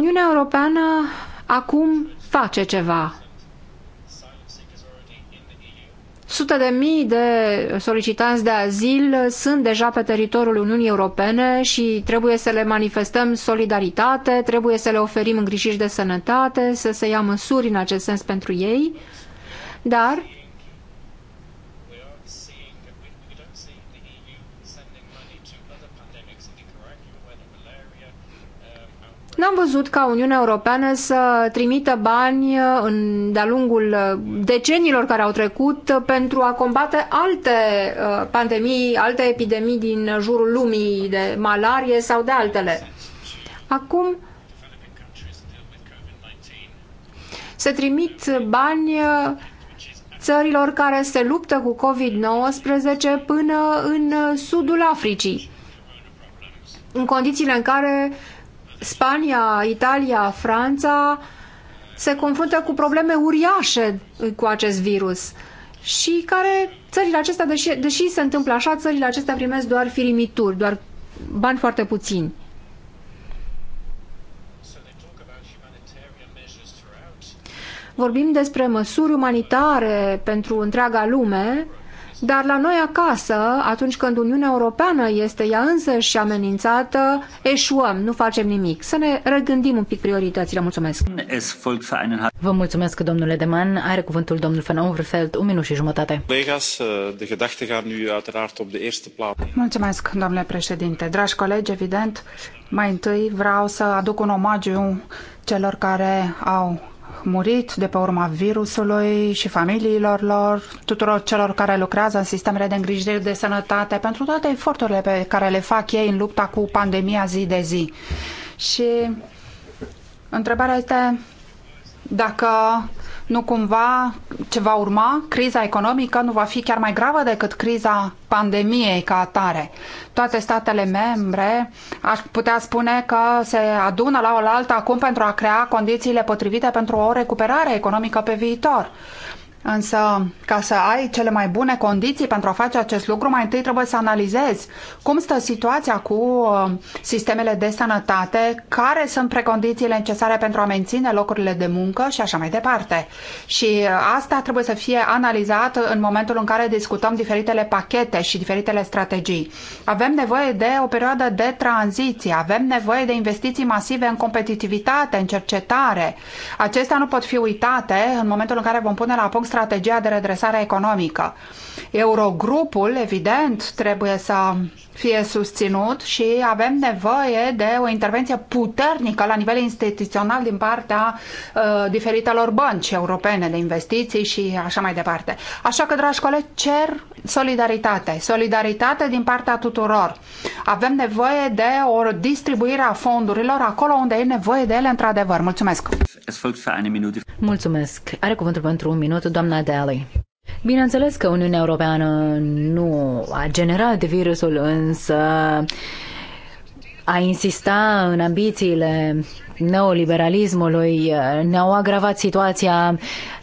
Uniunea Europeană acum face ceva. Sute de mii de solicitanți de azil sunt deja pe teritoriul Uniunii Europene și trebuie să le manifestăm solidaritate, trebuie să le oferim îngrijiri de sănătate, să se ia măsuri în acest sens pentru ei, dar N-am văzut ca Uniunea Europeană să trimită bani uh, în, de-a lungul uh, decenilor care au trecut uh, pentru a combate alte pandemii, alte epidemii din jurul lumii de malarie sau de altele. Acum se trimit bani țărilor care se luptă cu COVID-19 până în sudul Africii, în condițiile în care Spania, Italia, Franța se confruntă cu probleme uriașe cu acest virus și care țările acestea, deși, deși se întâmplă așa, țările acestea primesc doar firimituri, doar bani foarte puțini. Vorbim despre măsuri umanitare pentru întreaga lume, dar la noi acasă, atunci când Uniunea Europeană este ea însăși amenințată, eșuăm, nu facem nimic. Să ne regândim un pic prioritățile. Mulțumesc! Vă mulțumesc, domnule Deman. Are cuvântul domnul Van Overveld, un minut și jumătate. Eh, mulțumesc, domnule președinte. Dragi colegi, evident, mai întâi vreau să aduc un omagiu celor care au murit de pe urma virusului și familiilor lor, tuturor celor care lucrează în sistemele de îngrijire de sănătate, pentru toate eforturile pe care le fac ei în lupta cu pandemia zi de zi. Și întrebarea este dacă nu cumva ce va urma, criza economică nu va fi chiar mai gravă decât criza pandemiei ca atare. Toate statele membre aș putea spune că se adună la oaltă acum pentru a crea condițiile potrivite pentru o recuperare economică pe viitor. Însă, ca să ai cele mai bune condiții pentru a face acest lucru, mai întâi trebuie să analizezi cum stă situația cu uh, sistemele de sănătate, care sunt precondițiile necesare pentru a menține locurile de muncă și așa mai departe. Și uh, asta trebuie să fie analizat în momentul în care discutăm diferitele pachete și diferitele strategii. Avem nevoie de o perioadă de tranziție, avem nevoie de investiții masive în competitivitate, în cercetare. Acestea nu pot fi uitate în momentul în care vom pune la punct strategia de redresare economică. Eurogrupul, evident, trebuie să fie susținut și avem nevoie de o intervenție puternică la nivel instituțional din partea uh, diferitelor bănci europene de investiții și așa mai departe. Așa că, dragi colegi, cer solidaritate. Solidaritate din partea tuturor. Avem nevoie de o distribuire a fondurilor acolo unde e nevoie de ele într-adevăr. Mulțumesc! Mulțumesc! Are cuvântul pentru un minut doamna Daly. Bineînțeles că Uniunea Europeană nu a generat virusul, însă a insista în ambițiile neoliberalismului ne-au agravat situația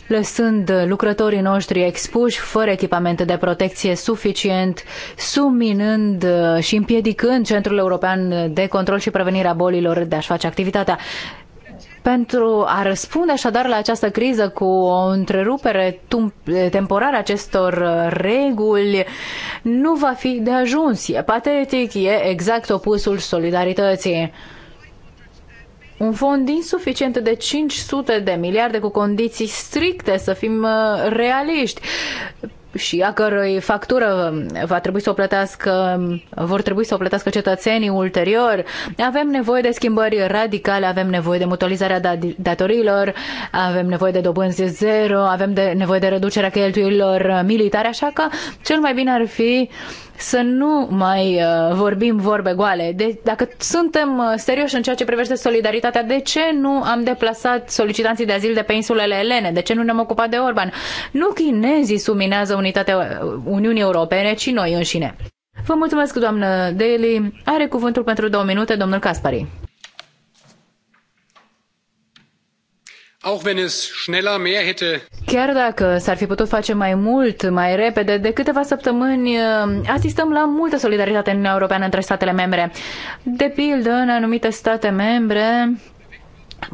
lăsând lucrătorii noștri expuși fără echipamente de protecție suficient, suminând și împiedicând Centrul European de Control și Prevenire a Bolilor de a-și face activitatea. Pentru a răspunde așadar la această criză cu o întrerupere temporară acestor uh, reguli, nu va fi de ajuns. E patetic, e exact opusul solidarității. Un fond insuficient de 500 de miliarde cu condiții stricte, să fim uh, realiști și a cărui factură va trebui să o plătească, vor trebui să o plătească cetățenii ulterior. Avem nevoie de schimbări radicale, avem nevoie de mutualizarea datoriilor, avem nevoie de dobânzi zero, avem de, nevoie de reducerea cheltuielilor militare, așa că cel mai bine ar fi uh, să nu mai uh, vorbim vorbe goale. De, dacă suntem uh, serioși în ceea ce privește solidaritatea, de ce nu am deplasat solicitanții de azil de pe insulele Elene? De ce nu ne-am ocupat de Orban? Nu chinezii suminează unitatea uh, Uniunii Europene, ci noi înșine. Vă mulțumesc, doamnă Daly. Are cuvântul pentru două minute, domnul Caspari. Chiar dacă s-ar fi putut face mai mult, mai repede, de câteva săptămâni eh, asistăm la multă solidaritate în Uniunea Europeană între statele membre. De pildă, în anumite state membre,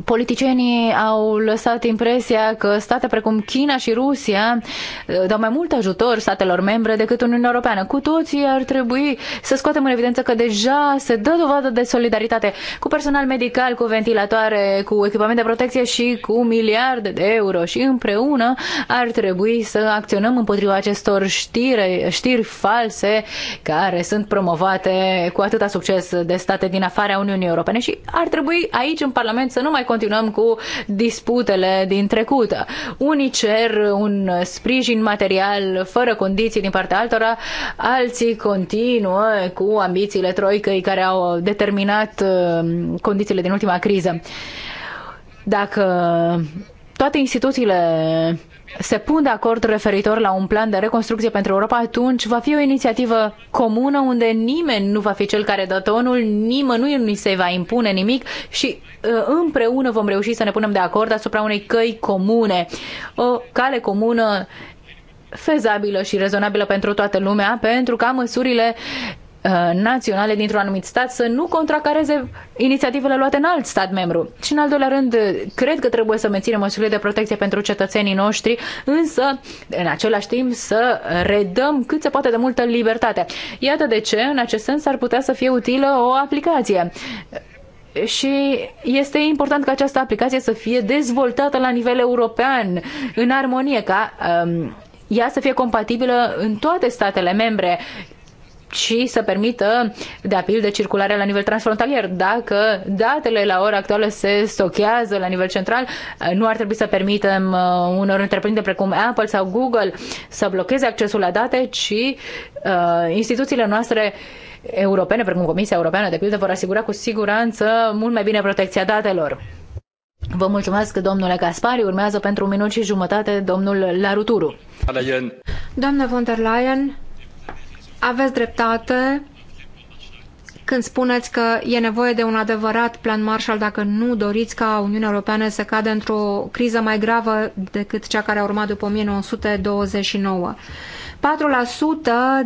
politicienii au lăsat impresia că state precum China și Rusia uh, dau mai mult ajutor statelor membre decât Uniunea Europeană. Cu toții ar trebui să scoatem în evidență că deja se dă dovadă de solidaritate cu personal medical, cu ventilatoare, cu echipament de protecție și cu miliarde de euro și împreună ar trebui să acționăm împotriva acestor știri, știri false care sunt promovate cu atâta succes de state din afara Uniunii Europene și ar trebui aici în Parlament să nu mai mai continuăm cu disputele din trecut. Unii cer un sprijin material fără condiții din partea altora, alții continuă cu ambițiile troicăi care au determinat uh, condițiile din ultima criză. Dacă toate instituțiile se pun de acord referitor la un plan de reconstrucție pentru Europa, atunci va fi o inițiativă comună unde nimeni nu va fi cel care dă tonul, nimănui nu se va impune nimic și ă, împreună vom reuși să ne punem de acord asupra unei căi comune, o cale comună fezabilă și rezonabilă pentru toată lumea, pentru ca măsurile Uh, naționale dintr-un anumit stat să nu contracareze inițiativele luate în alt stat membru. Și în al doilea rând, cred că trebuie să menținem măsurile de protecție pentru cetățenii noștri, însă în același timp să redăm cât se poate de multă libertate. Iată de ce, în acest sens, ar putea să fie utilă o aplicație și este important ca această aplicație să fie dezvoltată la nivel european, în armonie, ca um, ea să fie compatibilă în toate statele membre și să permită de apil de circulare la nivel transfrontalier. Dacă datele la ora actuală se stochează la nivel central, nu ar trebui să permitem uh, unor întreprinderi precum Apple sau Google să blocheze accesul la date, ci uh, instituțiile noastre europene, precum Comisia Europeană, de pildă, vor asigura cu siguranță mult mai bine protecția datelor. Vă mulțumesc, domnule Gaspari. Urmează pentru un minut și jumătate domnul Laruturu. Doamnă von der Leyen, aveți dreptate când spuneți că e nevoie de un adevărat plan Marshall dacă nu doriți ca Uniunea Europeană să cadă într-o criză mai gravă decât cea care a urmat după 1929. 4%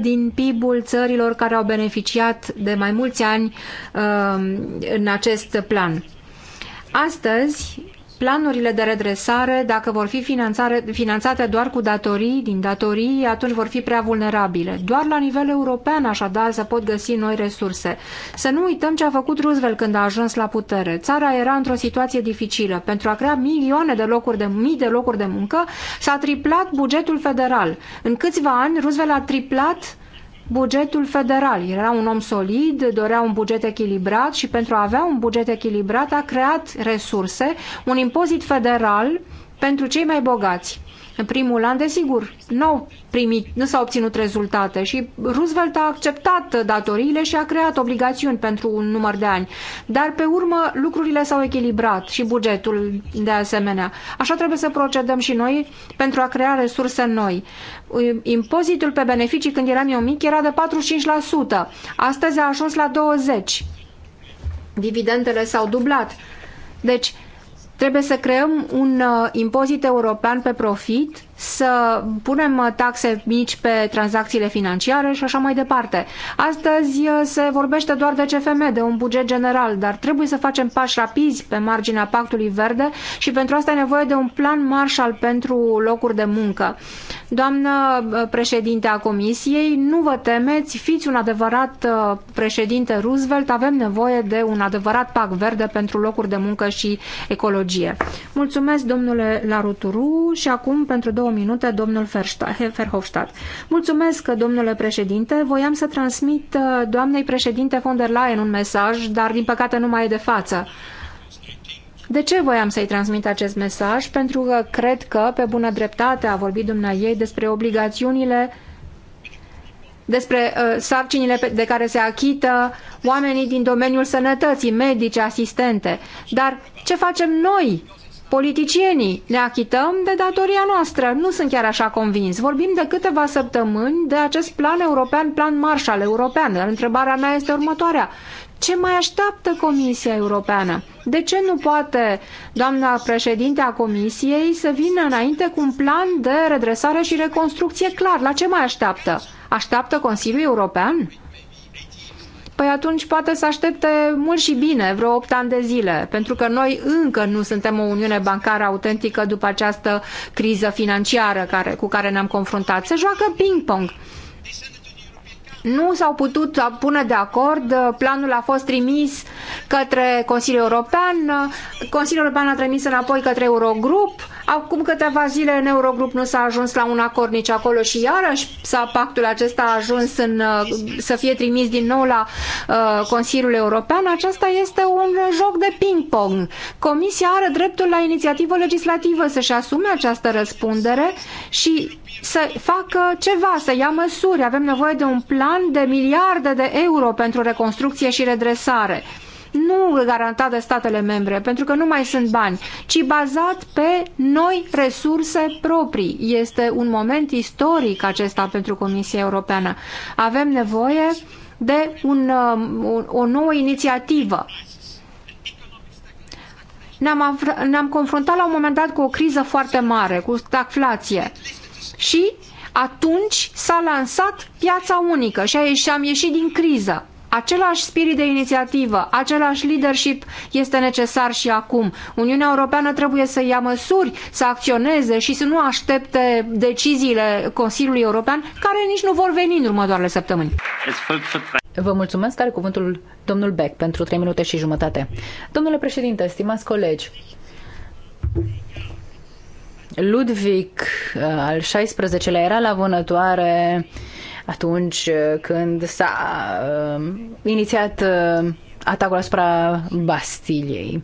din PIB-ul țărilor care au beneficiat de mai mulți ani um, în acest plan. Astăzi, planurile de redresare, dacă vor fi finanțate doar cu datorii, din datorii, atunci vor fi prea vulnerabile. Doar la nivel european, așadar, se pot găsi noi resurse. Să nu uităm ce a făcut Roosevelt când a ajuns la putere. Țara era într-o situație dificilă. Pentru a crea milioane de locuri de mii de locuri de muncă, s-a triplat bugetul federal. În câțiva ani, Roosevelt a triplat bugetul federal. Era un om solid, dorea un buget echilibrat și pentru a avea un buget echilibrat a creat resurse, un impozit federal pentru cei mai bogați. În primul an, desigur, nu, primit, nu s-au obținut rezultate și Roosevelt a acceptat datoriile și a creat obligațiuni pentru un număr de ani. Dar pe urmă lucrurile s-au echilibrat și bugetul de asemenea. Așa trebuie să procedăm și noi pentru a crea resurse noi. Impozitul pe beneficii când eram eu mic era de 45%. Astăzi a ajuns la 20%. Dividendele s-au dublat. Deci, Trebuie să creăm un uh, impozit european pe profit să punem uh, taxe mici pe tranzacțiile financiare și așa mai departe. Astăzi uh, se vorbește doar de CFM, de un buget general, dar trebuie să facem pași rapizi pe marginea pactului verde și pentru asta e nevoie de un plan Marshall pentru locuri de muncă. Doamnă uh, președinte a Comisiei, nu vă temeți, fiți un adevărat președinte Roosevelt, avem nevoie de un adevărat pact verde pentru locuri de muncă și ecologie. Mulțumesc, domnule Laruturu, și acum pentru două minute domnul Verhofstadt. Mulțumesc, domnule președinte. Voiam să transmit uh, doamnei președinte von der Leyen un mesaj, dar din păcate nu mai e de față. De ce voiam să-i transmit acest mesaj? Pentru că cred că, pe bună dreptate, a vorbit dumnea ei despre obligațiunile despre uh, sarcinile de care se achită oamenii din domeniul sănătății, medici, asistente. Dar ce facem noi politicienii. Le achităm de datoria noastră. Nu sunt chiar așa convins. Vorbim de câteva săptămâni de acest plan european, plan Marshall european. Dar întrebarea mea este următoarea. Ce mai așteaptă Comisia Europeană? De ce nu poate doamna președinte a Comisiei să vină înainte cu un plan de redresare și reconstrucție clar? La ce mai așteaptă? Așteaptă Consiliul European? păi atunci poate să aștepte mult și bine, vreo 8 ani de zile, pentru că noi încă nu suntem o uniune bancară autentică după această criză financiară care, cu care ne-am confruntat. Se joacă ping-pong. Nu s-au putut pune de acord, planul a fost trimis către Consiliul European, Consiliul European a trimis înapoi către Eurogrup, Acum câteva zile în Eurogrup nu s-a ajuns la un acord nici acolo și iarăși s-a, pactul acesta a ajuns în, uh, să fie trimis din nou la uh, Consiliul European. Aceasta este un joc de ping-pong. Comisia are dreptul la inițiativă legislativă să-și asume această răspundere și să facă ceva, să ia măsuri. Avem nevoie de un plan de miliarde de euro pentru reconstrucție și redresare nu garantat de statele membre, pentru că nu mai sunt bani, ci bazat pe noi resurse proprii. Este un moment istoric acesta pentru Comisia Europeană. Avem nevoie de un, o, um, o nouă inițiativă ne-am, ne confruntat la un moment dat cu o criză foarte mare, cu stagflație. Și atunci s-a lansat piața unică și am ieșit din criză. Același spirit de inițiativă, același leadership este necesar și acum. Uniunea Europeană trebuie să ia măsuri, să acționeze și să nu aștepte deciziile Consiliului European, care nici nu vor veni în următoarele săptămâni. Vă mulțumesc, care cuvântul domnul Beck pentru 3 minute și jumătate. Domnule președinte, stimați colegi, Ludwig uh, al XVI-lea era la vânătoare atunci uh, când s-a uh, inițiat uh, atacul asupra Bastiliei.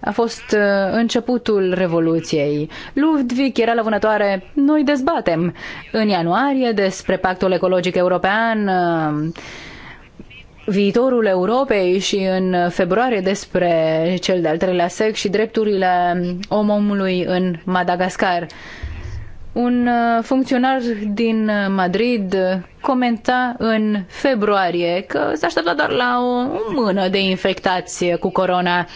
A fost uh, începutul Revoluției. Ludwig era la vânătoare, noi dezbatem. În ianuarie despre pactul ecologic european, uh, viitorul Europei și în februarie despre cel de-al treilea sec și drepturile omului în Madagascar. Uh, un uh, funcționar din uh, Madrid comenta în februarie că se aștepta doar la o, mână de infectație cu corona.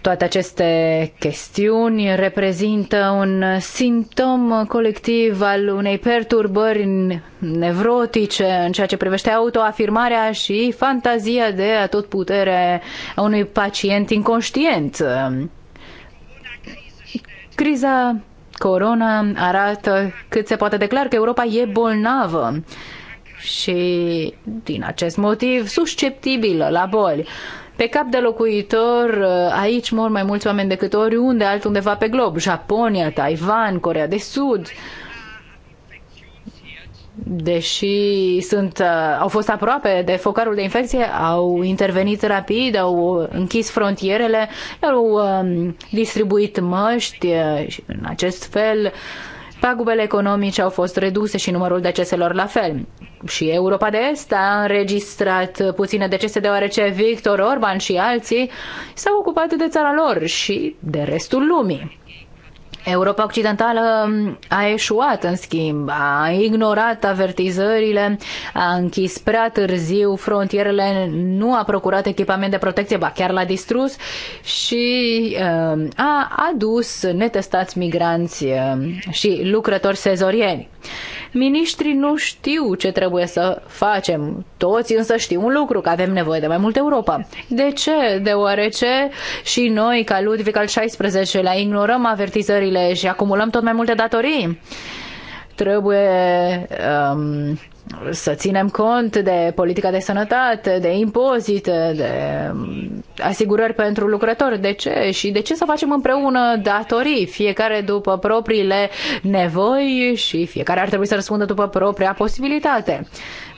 Toate aceste chestiuni reprezintă un simptom colectiv al unei perturbări nevrotice în ceea ce privește autoafirmarea și fantazia de a tot putere a unui pacient inconștient. Criza corona arată cât se poate declar că Europa e bolnavă și din acest motiv susceptibilă la boli. Pe cap de locuitor, aici mor mai mulți oameni decât oriunde altundeva pe glob. Japonia, Taiwan, Corea de Sud, deși sunt, uh, au fost aproape de focarul de infecție, au intervenit rapid, au închis frontierele, au um, distribuit măști uh, și în acest fel pagubele economice au fost reduse și numărul deceselor la fel. Și Europa de Est a înregistrat puține decese deoarece Victor Orban și alții s-au ocupat de țara lor și de restul lumii. Europa Occidentală mm, a eșuat, în schimb, a ignorat avertizările, a închis prea târziu frontierele, nu a procurat echipament de protecție, ba chiar l-a distrus și mm, a adus netestați migranți mm, și lucrători sezorieni. Ministrii nu știu ce trebuie să facem. Toți însă știu un lucru, că avem nevoie de mai multă Europa. De ce? Deoarece și noi, ca Ludwig al XVI-lea, ignorăm avertizările și acumulăm tot mai multe datorii. Trebuie um, să ținem cont de politica de sănătate, de impozite, de um, asigurări pentru lucrători. De ce? Și de ce să facem împreună datorii, fiecare după propriile nevoi și fiecare ar trebui să răspundă după propria posibilitate.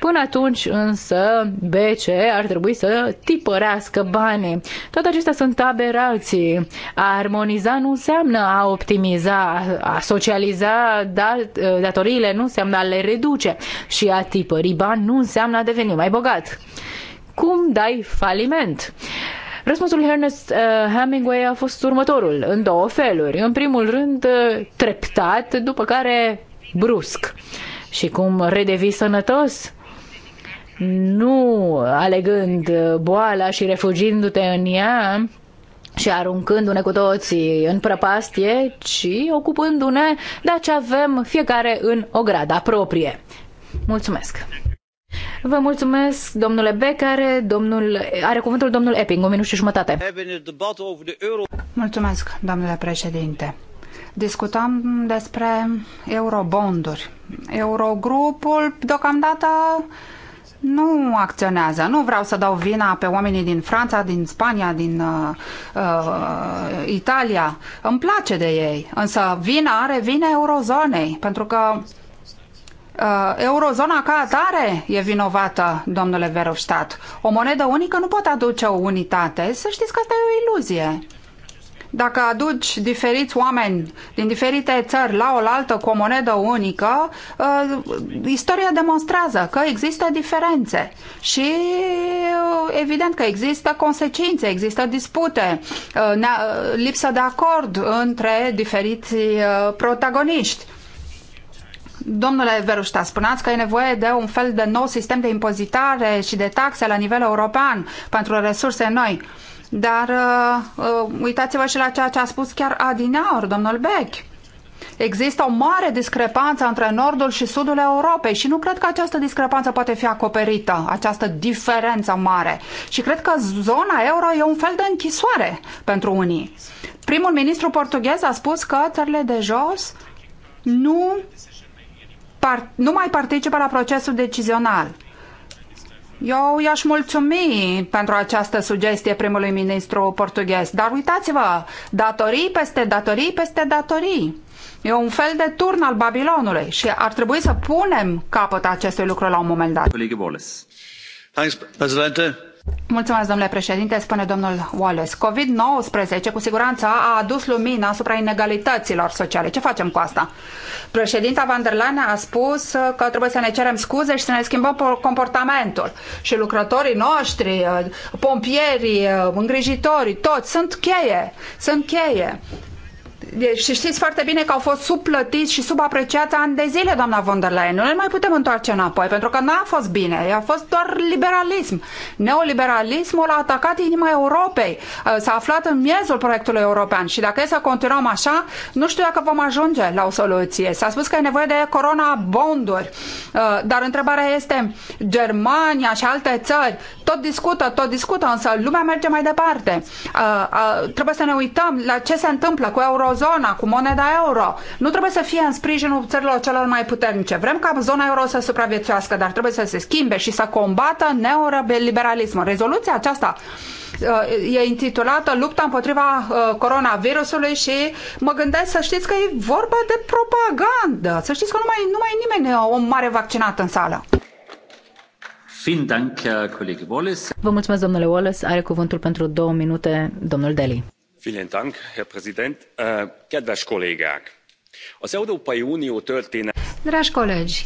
Până atunci însă BCE ar trebui să tipărească banii. Toate acestea sunt aberații. A armoniza nu înseamnă a optimiza, a socializa dat, datoriile, nu înseamnă a le reduce și a tipări bani nu înseamnă a deveni mai bogat. Cum dai faliment? Răspunsul lui Ernest uh, Hemingway a fost următorul, în două feluri. În primul rând, uh, treptat, după care brusc. Și cum redevii sănătos? nu alegând uh, boala și refugindu te în ea și aruncându-ne cu toții în prăpastie, ci ocupându-ne de ce avem fiecare în o grada proprie. Mulțumesc! Vă mulțumesc, domnule Becare, domnul, are cuvântul domnul Epping, o minut și jumătate. Mulțumesc, domnule președinte. Discutăm despre eurobonduri. Eurogrupul deocamdată nu acționează. Nu vreau să dau vina pe oamenii din Franța, din Spania, din uh, uh, Italia. Îmi place de ei, însă vina revine eurozonei, pentru că Uh, eurozona ca atare e vinovată, domnule Verhofstadt. O monedă unică nu poate aduce o unitate. Să știți că asta e o iluzie. Dacă aduci diferiți oameni din diferite țări la oaltă cu o monedă unică, uh, istoria demonstrează că există diferențe și uh, evident că există consecințe, există dispute, uh, lipsă de acord între diferiți protagoniști. Domnule Verușta, spuneați că e nevoie de un fel de nou sistem de impozitare și de taxe la nivel european pentru resurse noi. Uh, dar uh, uh, uitați-vă și la ceea ce a spus chiar Adinaur, domnul Beck. Există o mare discrepanță între nordul și sudul Europei și nu cred că această discrepanță poate fi acoperită, această diferență mare. Și cred că zona euro e un fel de închisoare pentru unii. Primul ministru portughez a spus că țările de jos nu, par, nu mai participă la procesul decizional. Eu i-aș mulțumi pentru această sugestie primului ministru portughez, dar uitați-vă, datorii peste datorii peste datorii. E un fel de turn al Babilonului și ar trebui să punem capăt acestui lucru la un moment dat. Thanks, Presidente. Mulțumesc, domnule președinte, spune domnul Wallace. COVID-19 cu siguranță a adus lumina asupra inegalităților sociale. Ce facem cu asta? Președinta van der Leyen a spus că trebuie să ne cerem scuze și să ne schimbăm comportamentul. Și lucrătorii noștri, eh, pompierii, eh, îngrijitorii, toți sunt cheie. Sunt cheie și știți foarte bine că au fost subplătiți și subapreciați ani de zile, doamna von der Leyen. Nu le mai putem întoarce înapoi, pentru că n-a fost bine. A fost doar liberalism. Neoliberalismul a atacat inima Europei. S-a aflat în miezul proiectului european și dacă e să continuăm așa, nu știu dacă vom ajunge la o soluție. S-a spus că e nevoie de corona bonduri. Dar întrebarea este, Germania și alte țări tot discută, tot discută, însă lumea merge mai departe. Trebuie să ne uităm la ce se întâmplă cu eurozona Zona cu moneda euro. Nu trebuie să fie în sprijinul țărilor celor mai puternice. Vrem ca zona euro să supraviețuiască, dar trebuie să se schimbe și să combată neoliberalismul. Rezoluția aceasta uh, e intitulată Lupta împotriva uh, coronavirusului și mă gândesc să știți că e vorba de propagandă. Să știți că nu mai, nu mai e nimeni uh, o mare vaccinat în sală. Vă mulțumesc, domnule Wallace. Are cuvântul pentru două minute, domnul Deli domnule președinte. Äh, kedves az európai dragi colegi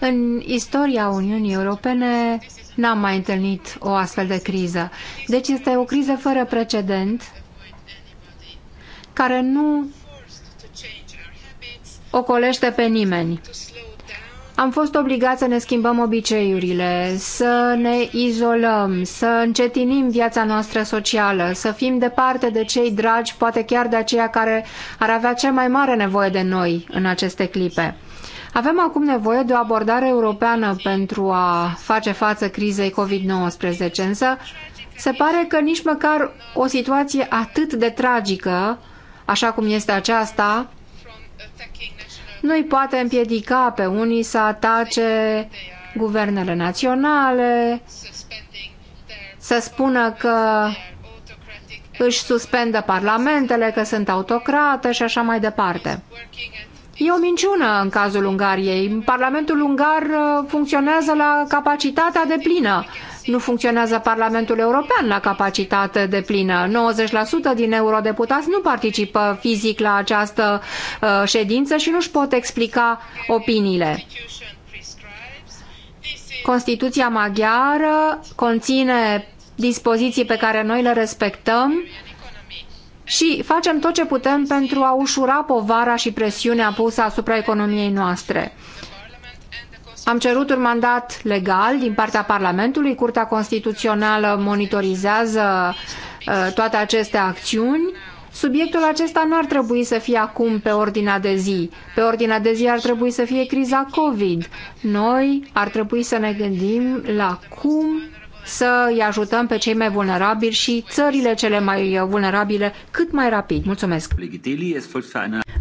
în istoria uniunii europene n-am mai întâlnit o astfel de criză deci este o criză fără precedent care nu ocolește pe nimeni am fost obligați să ne schimbăm obiceiurile, să ne izolăm, să încetinim viața noastră socială, să fim departe de cei dragi, poate chiar de aceia care ar avea cea mai mare nevoie de noi în aceste clipe. Avem acum nevoie de o abordare europeană pentru a face față crizei COVID-19, însă se pare că nici măcar o situație atât de tragică, așa cum este aceasta, nu îi poate împiedica pe unii să atace guvernele naționale, să spună că își suspendă parlamentele, că sunt autocrate și așa mai departe. E o minciună în cazul Ungariei. Parlamentul ungar uh, funcționează la capacitatea deplină nu funcționează Parlamentul European la capacitate de plină. 90% din eurodeputați nu participă fizic la această uh, ședință și nu-și pot explica opiniile. Constituția maghiară conține dispoziții pe care noi le respectăm și facem tot ce putem pentru a ușura povara și presiunea pusă asupra economiei noastre. Am cerut un mandat legal din partea Parlamentului. Curtea Constituțională monitorizează uh, toate aceste acțiuni. Subiectul acesta nu ar trebui să fie acum pe ordinea de zi. Pe ordinea de zi ar trebui să fie criza COVID. Noi ar trebui să ne gândim la cum să îi ajutăm pe cei mai vulnerabili și țările cele mai vulnerabile cât mai rapid. Mulțumesc!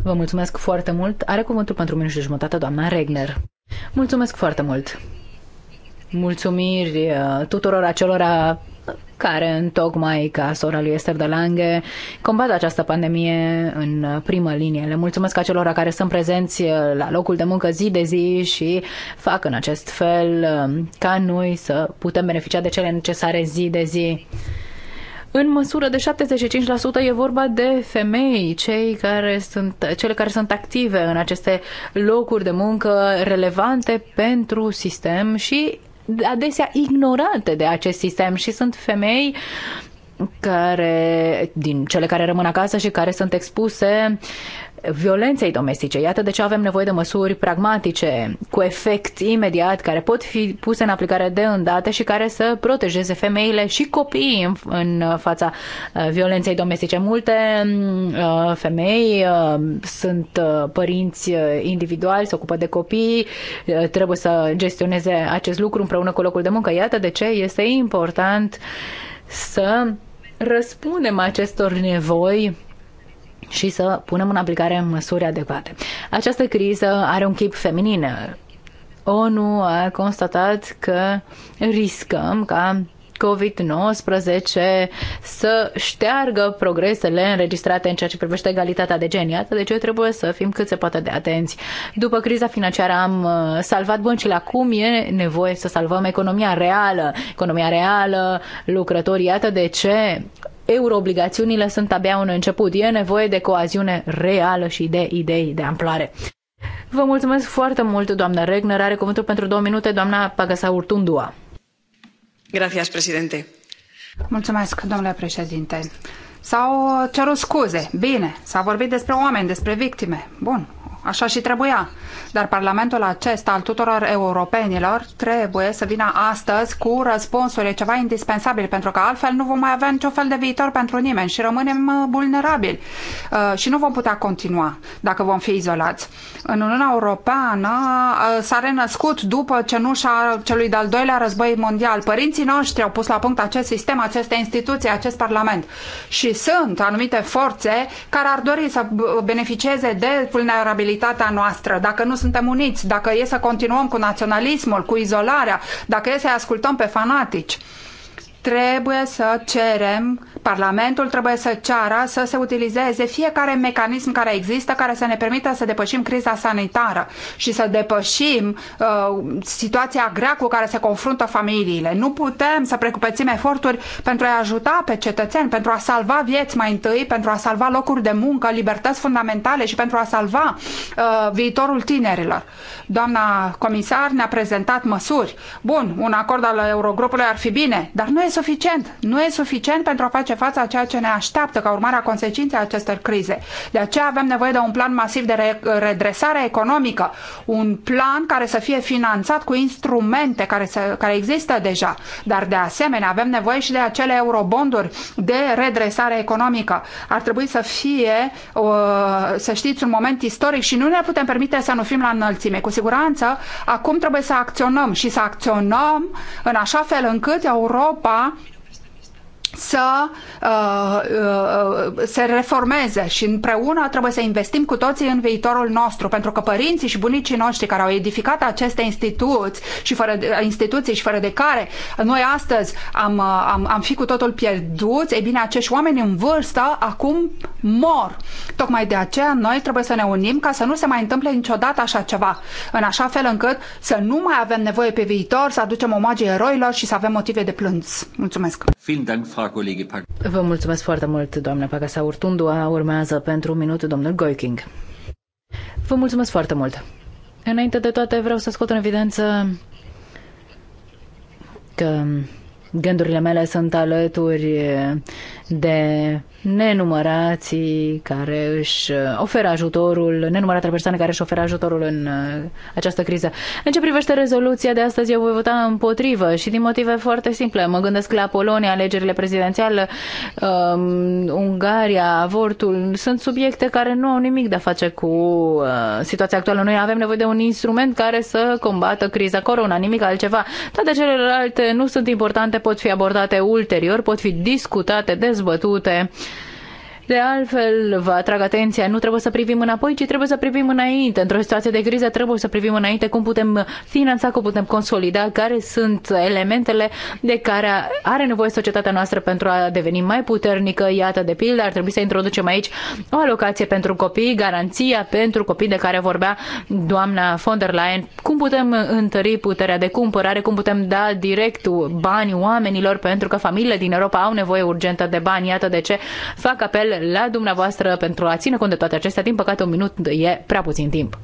Vă mulțumesc foarte mult. Are cuvântul pentru minut și jumătate doamna Regner. Mulțumesc foarte mult! Mulțumiri uh, tuturor acelora care, în tocmai ca sora lui Esther de Lange, combate această pandemie în primă linie. Le mulțumesc acelora care sunt prezenți la locul de muncă zi de zi și fac în acest fel um, ca noi să putem beneficia de cele necesare zi de zi. În măsură de 75% e vorba de femei, cei care sunt, cele care sunt active în aceste locuri de muncă relevante pentru sistem și adesea ignorate de acest sistem și sunt femei care, din cele care rămân acasă și care sunt expuse violenței domestice. Iată de ce avem nevoie de măsuri pragmatice, cu efect imediat, care pot fi puse în aplicare de îndată și care să protejeze femeile și copiii în, în fața uh, violenței domestice. Multe mm, uh, femei uh, sunt părinți individuali, se ocupă de copii, trebuie să gestioneze acest lucru împreună cu locul de muncă. Iată de ce este important uh, să răspundem acestor nevoi și să punem în aplicare măsuri adecvate. Această criză are un chip feminin. ONU a constatat că riscăm ca COVID-19 să șteargă progresele înregistrate în ceea ce privește egalitatea de gen. Iată, deci eu trebuie să fim cât se poate de atenți. După criza financiară am uh, salvat băncile, acum e nevoie să salvăm economia reală. Economia reală, lucrătorii, iată de ce euroobligațiunile sunt abia un început. E nevoie de coaziune reală și de idei de amploare. Vă mulțumesc foarte mult, doamna Regner. Are cuvântul pentru două minute, doamna Pagasaur Tundua. Mulțumesc, domnule președinte. S-au cerut scuze. Bine, s-a vorbit despre oameni, despre victime. Bun, Așa și trebuia. Dar Parlamentul acesta al tuturor europenilor trebuie să vină astăzi cu răspunsuri, ceva indispensabil, pentru că altfel nu vom mai avea niciun fel de viitor pentru nimeni și rămânem uh, vulnerabili uh, și nu vom putea continua dacă vom fi izolați. În Uniunea Europeană uh, s-a renăscut după cenușa celui de-al doilea război mondial. Părinții noștri au pus la punct acest sistem, aceste instituții, acest Parlament și sunt anumite forțe care ar dori să beneficieze de vulnerabilitate securitatea noastră, dacă nu suntem uniți, dacă e să continuăm cu naționalismul, cu izolarea, dacă e să-i ascultăm pe fanatici, trebuie să cerem Parlamentul trebuie să ceară să se utilizeze fiecare mecanism care există care să ne permită să depășim criza sanitară și să depășim uh, situația grea cu care se confruntă familiile. Nu putem să precupețim eforturi pentru a ajuta pe cetățeni, pentru a salva vieți mai întâi, pentru a salva locuri de muncă, libertăți fundamentale și pentru a salva uh, viitorul tinerilor. Doamna comisar ne-a prezentat măsuri. Bun, un acord al Eurogrupului ar fi bine, dar nu e suficient. Nu e suficient pentru a face față a ceea ce ne așteaptă ca urmare a consecinței acestor crize. De aceea avem nevoie de un plan masiv de redresare economică, un plan care să fie finanțat cu instrumente care, să, care există deja, dar de asemenea avem nevoie și de acele eurobonduri de redresare economică. Ar trebui să fie, uh, să știți, un moment istoric și nu ne putem permite să nu fim la înălțime. Cu siguranță, acum trebuie să acționăm și să acționăm în așa fel încât Europa să uh, uh, se reformeze și împreună trebuie să investim cu toții în viitorul nostru, pentru că părinții și bunicii noștri care au edificat aceste instituții și fără de, instituții și fără de care noi astăzi am, uh, am, am fi cu totul pierduți, e bine, acești oameni în vârstă acum mor. Tocmai de aceea noi trebuie să ne unim ca să nu se mai întâmple niciodată așa ceva, în așa fel încât să nu mai avem nevoie pe viitor să aducem omagii eroilor și să avem motive de plâns. Mulțumesc! Vielen Dank, Frau Vă mulțumesc foarte mult, doamna Pagasa Urtundua. Urmează pentru un minut domnul Goiking. Vă mulțumesc foarte mult. Înainte de toate, vreau să scot în evidență că gândurile mele sunt alături de nenumărații care își uh, oferă ajutorul, nenumărate persoane care își oferă ajutorul în uh, această criză. În ce privește rezoluția de astăzi, eu voi vota împotrivă și din motive foarte simple. Mă gândesc la Polonia, alegerile prezidențiale, um, Ungaria, avortul. Sunt subiecte care nu au nimic de a face cu uh, situația actuală. Noi avem nevoie de un instrument care să combată criza corona, nimic altceva. Toate celelalte nu sunt importante, pot fi abordate ulterior, pot fi discutate, dezvoltate dezbătute de altfel, vă atrag atenția, nu trebuie să privim înapoi, ci trebuie să privim înainte. Într-o situație de criză trebuie să privim înainte cum putem finanța, cum putem consolida, care sunt elementele de care are nevoie societatea noastră pentru a deveni mai puternică. Iată, de pildă, ar trebui să introducem aici o alocație pentru copii, garanția pentru copii de care vorbea doamna von der Leyen. Cum putem întări puterea de cumpărare, cum putem da direct bani oamenilor, pentru că familiile din Europa au nevoie urgentă de bani. Iată de ce fac apel la dumneavoastră pentru a ține cont de toate acestea. Din păcate, un minut e prea puțin timp.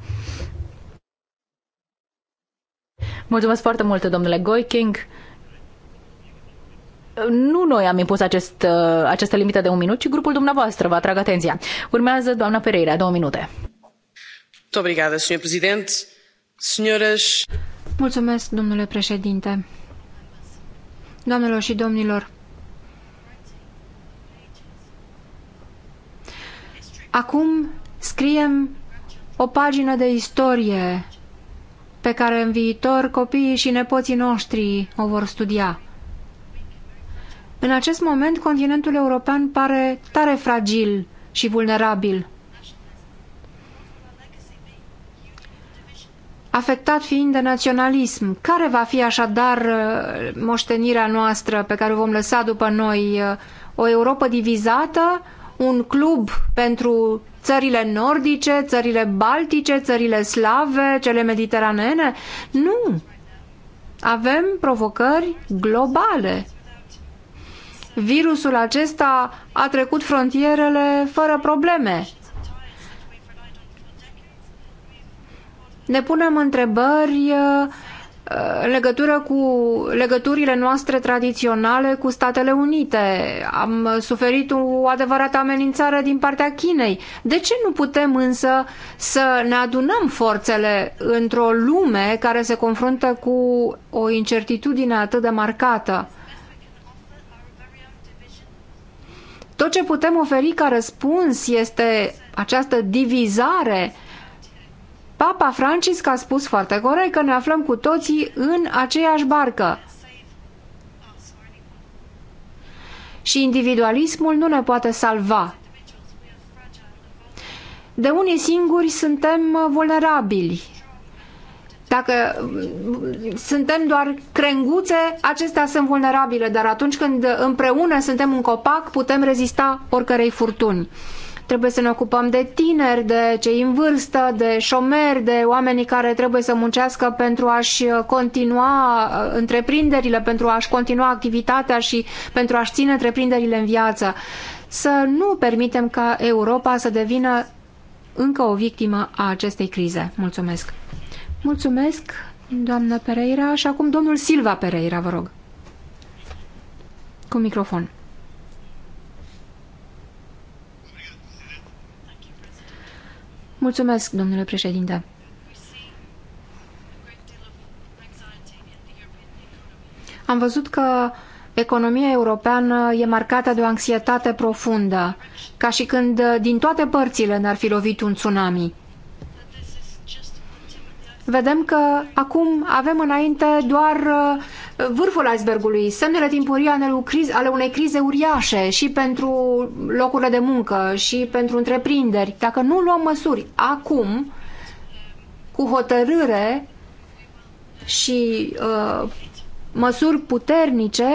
Mulțumesc foarte mult, domnule Goiking. Nu noi am impus acest, uh, această limită de un minut, ci grupul dumneavoastră. Vă atrag atenția. Urmează doamna Pereira, două minute. Obrigada, senhor presidente. Senhoras... Mulțumesc, domnule președinte. Doamnelor și domnilor, Acum scriem o pagină de istorie pe care în viitor copiii și nepoții noștri o vor studia. În acest moment, continentul european pare tare fragil și vulnerabil. Afectat fiind de naționalism, care va fi așadar uh, moștenirea noastră pe care o vom lăsa după noi? Uh, o Europa divizată, un club pentru țările nordice, țările baltice, țările slave, cele mediteraneene? Nu! Avem provocări globale. Virusul acesta a trecut frontierele fără probleme. Ne punem întrebări uh, în legătură cu legăturile noastre tradiționale cu Statele Unite. Am suferit o adevărată amenințare din partea Chinei. De ce nu putem însă să ne adunăm forțele într-o lume care se confruntă cu o incertitudine atât de marcată? Tot ce putem oferi ca răspuns este această divizare uh, Papa Francisc a spus foarte corect că ne aflăm cu toții în aceeași barcă. Și individualismul nu ne poate salva. De unii singuri suntem vulnerabili. Dacă suntem doar crenguțe, acestea sunt vulnerabile, dar atunci când împreună suntem un copac, putem rezista oricărei furtuni. Trebuie să ne ocupăm de tineri, de cei în vârstă, de șomeri, de oamenii care trebuie să muncească pentru a-și continua uh, întreprinderile, pentru a-și continua activitatea și pentru a-și ține întreprinderile în viață. Să nu permitem ca Europa să devină încă o victimă a acestei crize. Mulțumesc! Mulțumesc, doamnă Pereira, și acum domnul Silva Pereira, vă rog. Cu microfon. Mulțumesc, domnule președinte. Am văzut că economia europeană e marcată de o anxietate profundă, ca și când uh, din toate părțile ne-ar fi lovit un tsunami. Vedem că acum avem înainte doar uh, vârful icebergului, semnele timpurii ale unei crize uriașe și pentru locurile de muncă și pentru întreprinderi. Dacă nu luăm măsuri acum, cu hotărâre și uh, măsuri puternice,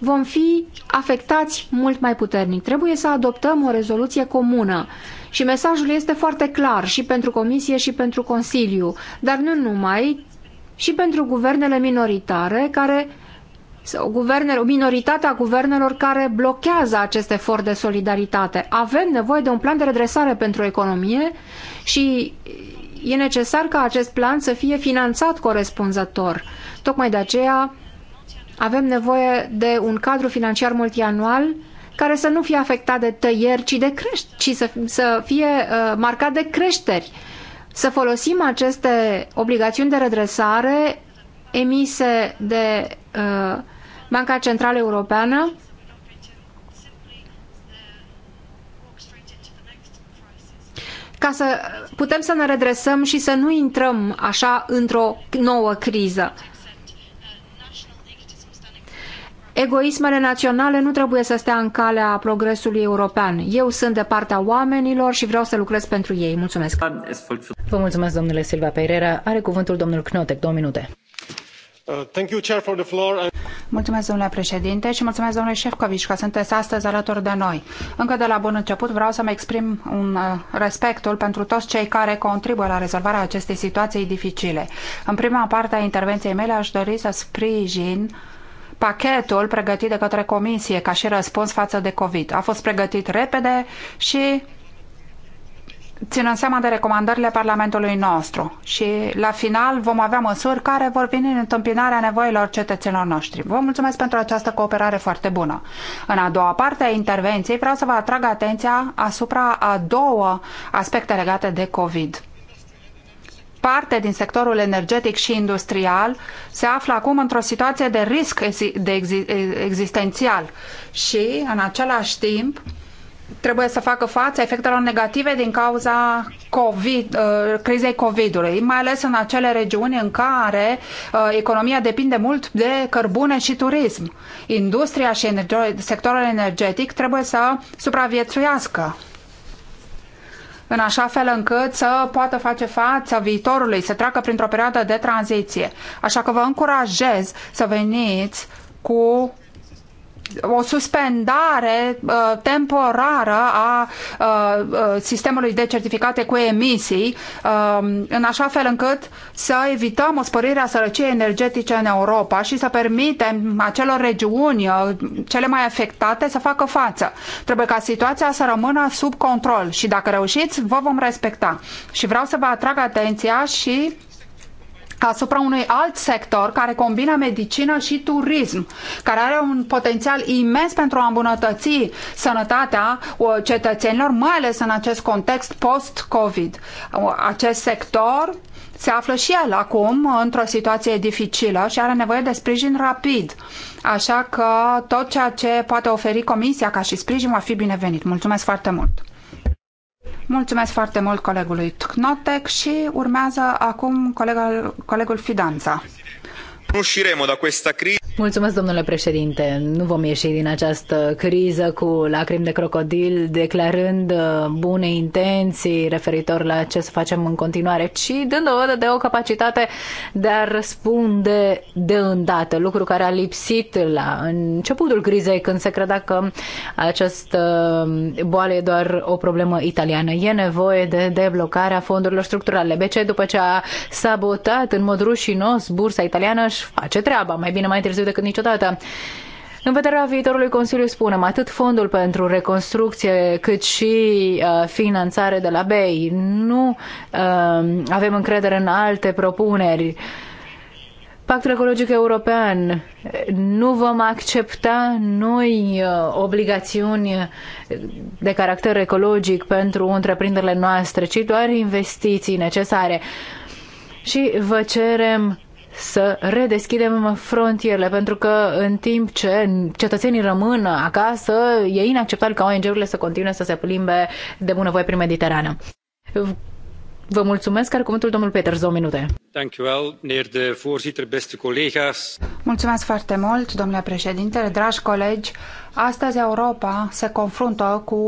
vom fi afectați mult mai puternic. Trebuie să adoptăm o rezoluție comună. Și mesajul este foarte clar și pentru Comisie și pentru Consiliu, dar nu numai, și pentru guvernele minoritare care sau minoritate minoritatea guvernelor care blochează acest efort de solidaritate. Avem nevoie de un plan de redresare pentru economie și e necesar ca acest plan să fie finanțat corespunzător. Tocmai de aceea avem nevoie de un cadru financiar multianual care să nu fie afectat de tăieri, ci, de creșt, ci să, să fie uh, marcat de creșteri. Uh, să folosim aceste obligațiuni de redresare emise de uh, Banca Centrală Europeană ca să putem să ne redresăm și să nu intrăm așa într-o nouă criză. Egoismele naționale nu trebuie să stea în calea progresului european. Eu sunt de partea oamenilor și vreau să lucrez pentru ei. Mulțumesc! Vă mulțumesc, domnule Silva Pereira. Are cuvântul domnul Knotek, două minute. Uh, mulțumesc, domnule președinte, și mulțumesc, domnule Șefcoviș, că sunteți astăzi alături de noi. Încă de la bun început vreau să-mi exprim un, uh, respectul pentru toți cei care contribuie la rezolvarea acestei situații dificile. În prima parte a intervenției mele aș dori să sprijin uh, pachetul pregătit de către comisie ca și răspuns față de COVID. A fost pregătit repede și ținând seama de recomandările Parlamentului nostru și la final vom avea măsuri care vor veni în întâmpinarea nevoilor cetățenilor noștri. Vă mulțumesc pentru această cooperare foarte bună. În a doua parte a intervenției vreau să vă atrag atenția asupra a două aspecte legate de COVID parte din sectorul energetic și industrial se află acum într-o situație de risc de existențial și, în același timp, trebuie să facă față efectelor negative din cauza COVID, uh, crizei COVID-ului, mai ales în acele regiuni în care uh, economia depinde mult de cărbune și turism. Industria și sectorul energetic trebuie să supraviețuiască în așa fel încât să poată face față viitorului, să treacă printr-o perioadă de tranziție. Așa că vă încurajez să veniți cu o suspendare uh, temporară a uh, uh sistemului de certificate cu emisii, uh, în așa fel încât să evităm o sporire a sărăciei energetice în Europa și să permitem acelor regiuni uh, cele mai afectate să facă față. Trebuie ca situația să rămână sub control și dacă reușiți, vă vom respecta. Și vreau să vă atrag atenția și asupra unui alt sector care combina medicină și turism, care are un potențial imens pentru a îmbunătăți sănătatea uh, cetățenilor, mai ales în acest context post-COVID. Uh, acest sector se află și el acum într-o situație dificilă și are nevoie de sprijin rapid. Așa că tot ceea ce poate oferi Comisia ca și sprijin va fi binevenit. Mulțumesc foarte mult! Mulțumesc foarte mult colegului Tcnotec și urmează acum colegul Fidanța. Da Mulțumesc, domnule președinte. Nu vom ieși din această criză cu lacrimi de crocodil, declarând uh, bune intenții referitor la ce să facem în continuare, ci dând dovadă de o capacitate de a răspunde de îndată, lucru care a lipsit la începutul crizei, când se credea că această boală e doar o problemă italiană. E nevoie de deblocarea fondurilor structurale. BCE, după ce a sabotat în mod rușinos bursa italiană, și își face treaba, mai bine mai târziu decât niciodată. În vederea viitorului Consiliu, spunem, atât fondul pentru reconstrucție cât și uh, finanțare de la BEI. Nu uh, avem încredere în alte propuneri. Pactul Ecologic European, nu vom accepta noi uh, obligațiuni de caracter ecologic pentru întreprinderile noastre, ci doar investiții necesare. Și vă cerem să redeschidem frontierele, pentru că în timp ce cetățenii rămân acasă, e inacceptabil ca ONG-urile să continue să se plimbe de bunăvoie prin Mediterană. Vă mulțumesc. Are cuvântul domnul Peters, două minute. Mulțumesc foarte mult, domnule președinte, dragi colegi. Astăzi Europa se confruntă cu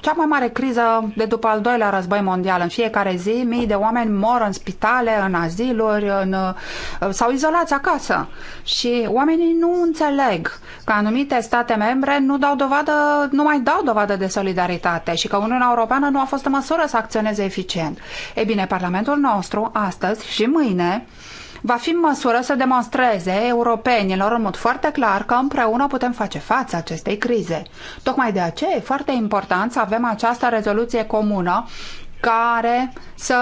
cea mai mare criză de după al doilea război mondial. În fiecare zi mii de oameni mor în spitale, în aziluri, în, uh, sau izolați acasă. Și oamenii nu înțeleg că anumite state membre nu dau dovadă, nu mai dau dovadă de solidaritate și că Uniunea Europeană nu a fost în măsură să acționeze eficient. Ei bine, Parlamentul nostru astăzi și mâine va fi în măsură să demonstreze europenilor în mod foarte clar că împreună putem face față acestei crize. Tocmai de aceea e foarte important să avem această rezoluție comună care să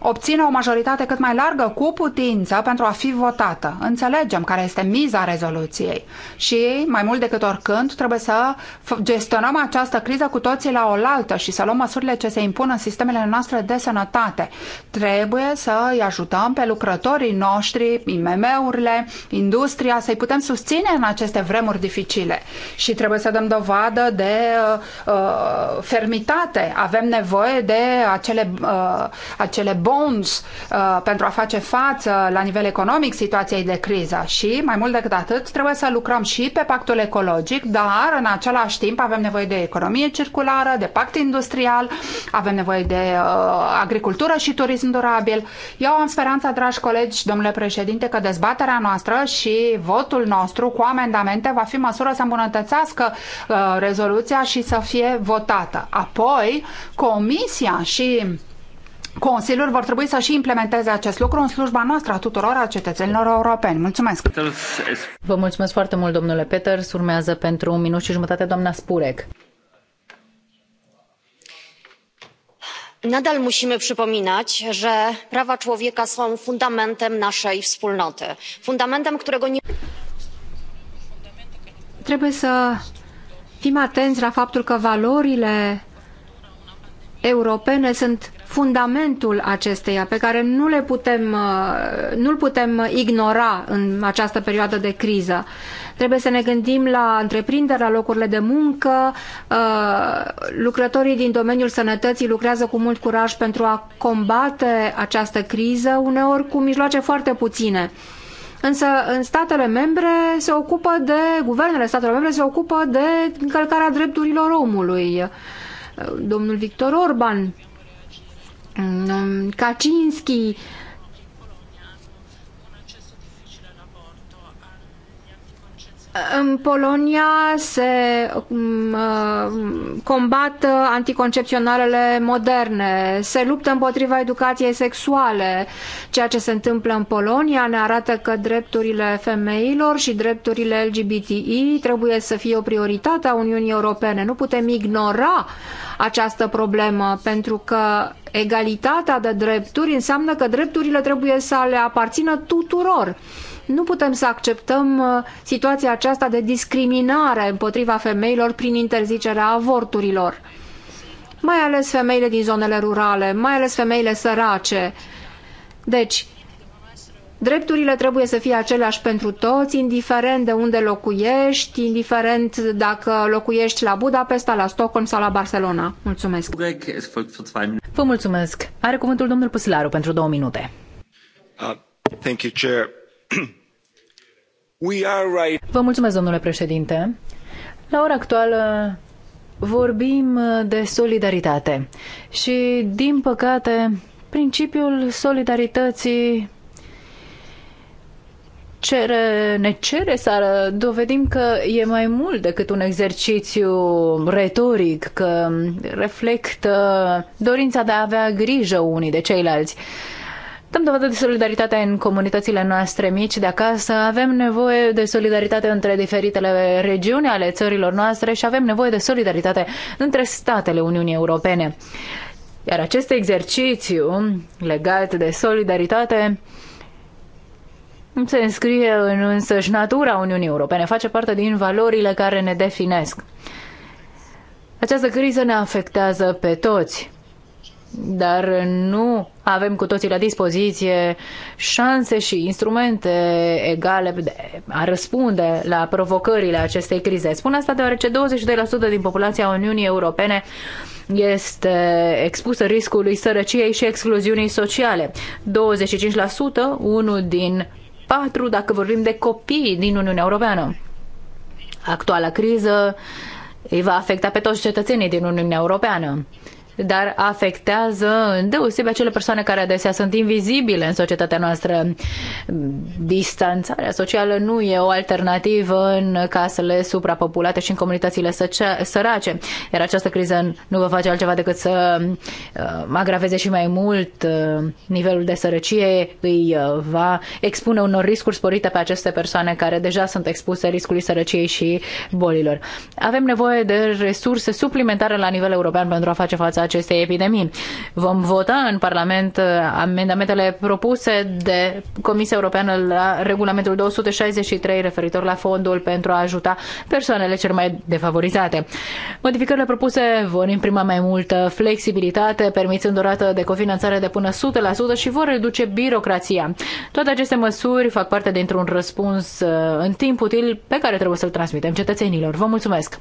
obțină o majoritate cât mai largă cu putință pentru a fi votată. Înțelegem care este miza rezoluției și, mai mult decât oricând, trebuie să gestionăm această criză cu toții la oaltă și să luăm măsurile ce se impun în sistemele noastre de sănătate. Trebuie să îi ajutăm pe lucrătorii noștri, IMM-urile, industria, să-i putem susține în aceste vremuri dificile și trebuie să dăm dovadă de uh, uh fermitate. Avem nevoie de acele, uh, acele bonds uh, pentru a face față la nivel economic situației de criză și, mai mult decât atât, trebuie să lucrăm și pe pactul ecologic, dar în același timp avem nevoie de economie circulară, de pact industrial, avem nevoie de uh, agricultură și turism durabil. Eu am speranța, dragi colegi, domnule președinte, că dezbaterea noastră și votul nostru cu amendamente va fi măsură să îmbunătățească uh, rezoluția și să fie votată. Apoi, Comisia și Consiliul vor trebui să și implementeze acest lucru în slujba noastră a tuturor a cetățenilor europeni. Mulțumesc! Vă mulțumesc foarte mult, domnule Peters. Urmează pentru un minut și jumătate doamna Spurek. nadal musimy przypominać że prawa człowieka są fundamentem naszej wspólnoty fundamentem którego nie. trebuie să fim atenți la faptul că valorile europene sunt fundamentul acesteia pe care nu le putem, uh, nu-l putem ignora în această perioadă de criză. Trebuie să ne gândim la întreprinderi, la locurile de muncă. Uh, lucrătorii din domeniul sănătății lucrează cu mult curaj pentru a combate această criză, uneori cu mijloace foarte puține. Însă în statele membre se ocupă de, guvernele statelor membre se ocupă de încălcarea drepturilor omului. Uh, domnul Victor Orban, um, Kaczynski, În Polonia se um, uh, combat anticoncepționalele moderne, se luptă împotriva educației sexuale. Ceea ce se întâmplă în Polonia ne arată că drepturile femeilor și drepturile LGBTI trebuie să fie o prioritate a Uniunii Europene. Nu putem ignora această problemă, pentru că egalitatea de drepturi înseamnă că drepturile trebuie să le aparțină tuturor nu putem să acceptăm uh, situația aceasta de discriminare împotriva femeilor prin interzicerea avorturilor. Mai ales femeile din zonele rurale, mai ales femeile sărace. Deci, Drepturile trebuie să fie aceleași pentru toți, indiferent de unde locuiești, indiferent dacă locuiești la Budapesta, la Stockholm sau la Barcelona. Mulțumesc! Vă mulțumesc! Are cuvântul domnul Pusilaru pentru două minute. Uh, thank you, Chair. Vă mulțumesc, domnule președinte. La ora actuală vorbim uh, de solidaritate și, din păcate, principiul solidarității cere, ne cere să dovedim că e mai mult decât un exercițiu retoric, că reflectă dorința de a avea grijă unii de ceilalți. Dăm dovadă de solidaritate în comunitățile noastre mici de acasă, avem nevoie de solidaritate între diferitele regiuni ale țărilor noastre și avem nevoie de solidaritate între statele Uniunii Europene. Iar acest exercițiu legat de solidaritate se înscrie în însăși natura Uniunii Europene, face parte din valorile care ne definesc. Această criză ne afectează pe toți dar nu avem cu toții la dispoziție șanse și instrumente egale de a răspunde la provocările acestei crize. Spun asta deoarece 22% din populația Uniunii Europene este expusă riscului sărăciei și excluziunii sociale. 25%, unul din patru, dacă vorbim de copii din Uniunea Europeană. Actuala criză îi va afecta pe toți cetățenii din Uniunea Europeană dar afectează îndeosebi acele persoane care adesea sunt invizibile în societatea noastră. Distanțarea socială nu e o alternativă în casele suprapopulate și în comunitățile sărace, iar această criză nu va face altceva decât să uh, agraveze și mai mult uh, nivelul de sărăcie, îi uh, va expune unor riscuri sporite pe aceste persoane care deja sunt expuse riscului sărăciei și bolilor. Avem nevoie de resurse suplimentare la nivel european pentru a face față acestei epidemii. Vom vota în Parlament uh, amendamentele propuse de Comisia Europeană la regulamentul 263 referitor la fondul pentru a ajuta persoanele cel mai defavorizate. Modificările propuse vor imprima mai multă flexibilitate, permițând o rată de cofinanțare de până 100% și vor reduce birocrația. Toate aceste măsuri fac parte dintr-un răspuns uh, în timp util pe care trebuie să-l transmitem cetățenilor. Vă mulțumesc!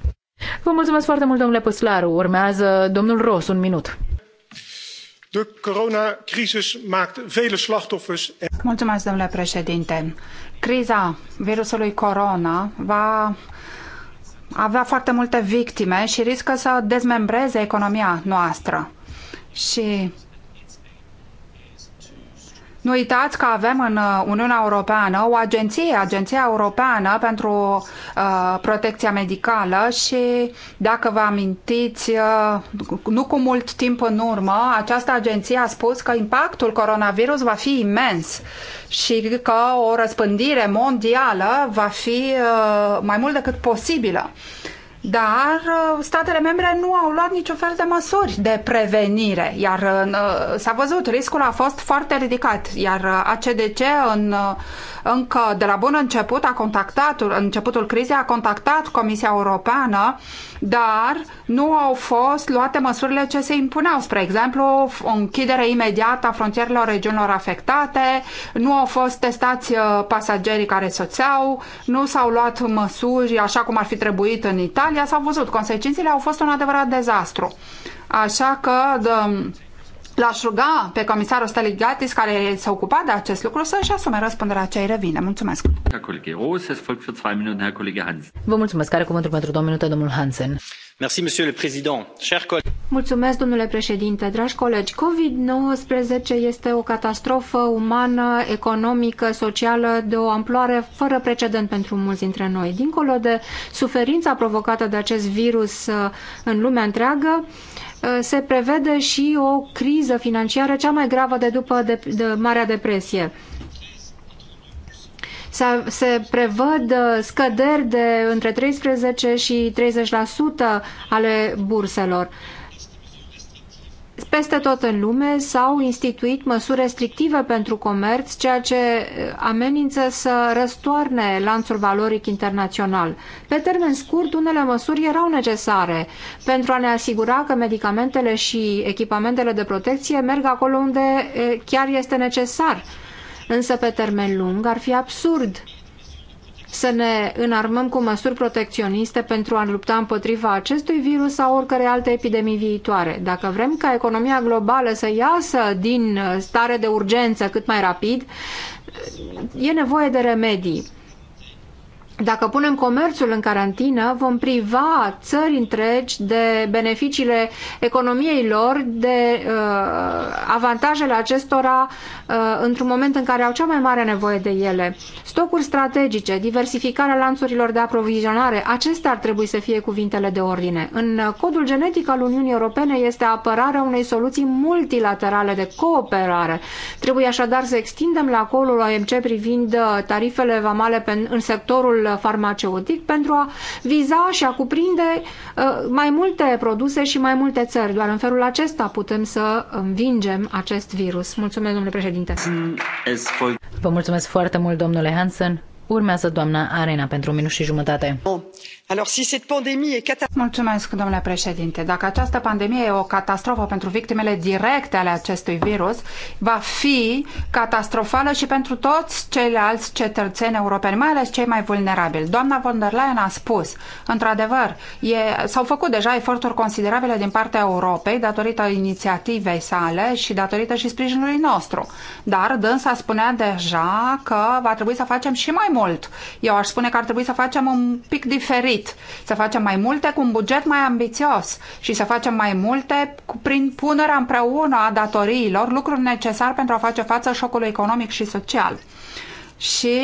Vă mulțumesc foarte mult, domnule Păslaru. Urmează domnul Ros, un minut. De coronacrisis maakt vele slachtoffers. Mulțumesc, domnule președinte. Criza virusului corona va avea foarte multe victime și riscă să dezmembreze economia noastră. Și nu uitați că avem în uh, Uniunea Europeană o agenție, Agenția Europeană pentru uh, Protecția Medicală și, dacă vă amintiți, uh, nu cu mult timp în urmă, această agenție a spus că impactul coronavirus va fi imens și că o răspândire mondială va fi mai mult decât posibilă dar uh, statele membre nu au luat niciun fel de măsuri de prevenire, iar uh, s-a văzut, riscul a fost foarte ridicat, iar uh, ACDC în, încă de la bun început a contactat, în începutul crizei a contactat Comisia Europeană, dar nu au fost luate măsurile ce se impuneau, spre exemplu, o închidere imediată a frontierelor regiunilor afectate, nu au fost testați pasagerii care soțeau, nu s-au luat măsuri așa cum ar fi trebuit în Italia, Italia s-au văzut, consecințele au fost un adevărat dezastru. Așa că... L-aș ruga pe comisarul Staligatis, care s-a ocupat de acest lucru, să-și asume răspunderea ce îi revine. Mulțumesc. Vă mulțumesc. Care cuvântul pentru două minute, domnul Hansen. Mulțumesc, domnule președinte, dragi colegi. COVID-19 este o catastrofă umană, economică, socială de o amploare fără precedent pentru mulți dintre noi. Dincolo de suferința provocată de acest virus uh, în lumea întreagă, Eh, se prevede și o criză financiară cea mai gravă de după de, de Marea Depresie. Se, prevăd eh, scăderi de între 13 și 30% ale burselor. Peste tot în lume s-au instituit măsuri restrictive pentru comerț, ceea ce eh, amenință să răstoarne lanțul valoric internațional. Pe termen scurt, unele măsuri erau necesare pentru a ne asigura că medicamentele și echipamentele de protecție merg acolo unde eh, chiar este necesar. Însă, pe termen lung, ar fi absurd să ne înarmăm cu măsuri protecționiste pentru a lupta împotriva acestui virus sau oricărei alte epidemii viitoare. Dacă vrem ca economia globală să iasă din stare de urgență cât mai rapid, e nevoie de remedii. Dacă punem comerțul în carantină, vom priva țări întregi de beneficiile economiei lor, de uh, avantajele acestora uh, într-un moment în care au cea mai mare nevoie de ele. Stocuri strategice, diversificarea lanțurilor de aprovizionare, acestea ar trebui să fie cuvintele de ordine. În codul genetic al Uniunii Europene este apărarea unei soluții multilaterale de cooperare. Trebuie așadar să extindem la acolo OMC privind tarifele vamale în sectorul farmaceutic pentru a viza și a cuprinde uh, mai multe produse și mai multe țări. Doar în felul acesta putem să învingem acest virus. Mulțumesc, domnule președinte. Vă mulțumesc foarte mult, domnule Hansen. Urmează doamna Arena pentru un minut și jumătate. Mulțumesc, domnule președinte. Dacă această pandemie e o catastrofă pentru victimele directe ale acestui virus, va fi catastrofală și pentru toți ceilalți cetățeni europeni, mai ales cei mai vulnerabili. Doamna von der Leyen a spus, într-adevăr, s-au făcut deja eforturi considerabile din partea Europei datorită inițiativei sale și datorită și sprijinului nostru. Dar dânsa spunea deja că va trebui să facem și mai mult. Eu aș spune că ar trebui să facem un pic diferit diferit, să facem mai multe cu un buget mai ambițios și să facem mai multe prin punerea împreună a datoriilor, lucru necesar pentru a face față șocului economic și social. Și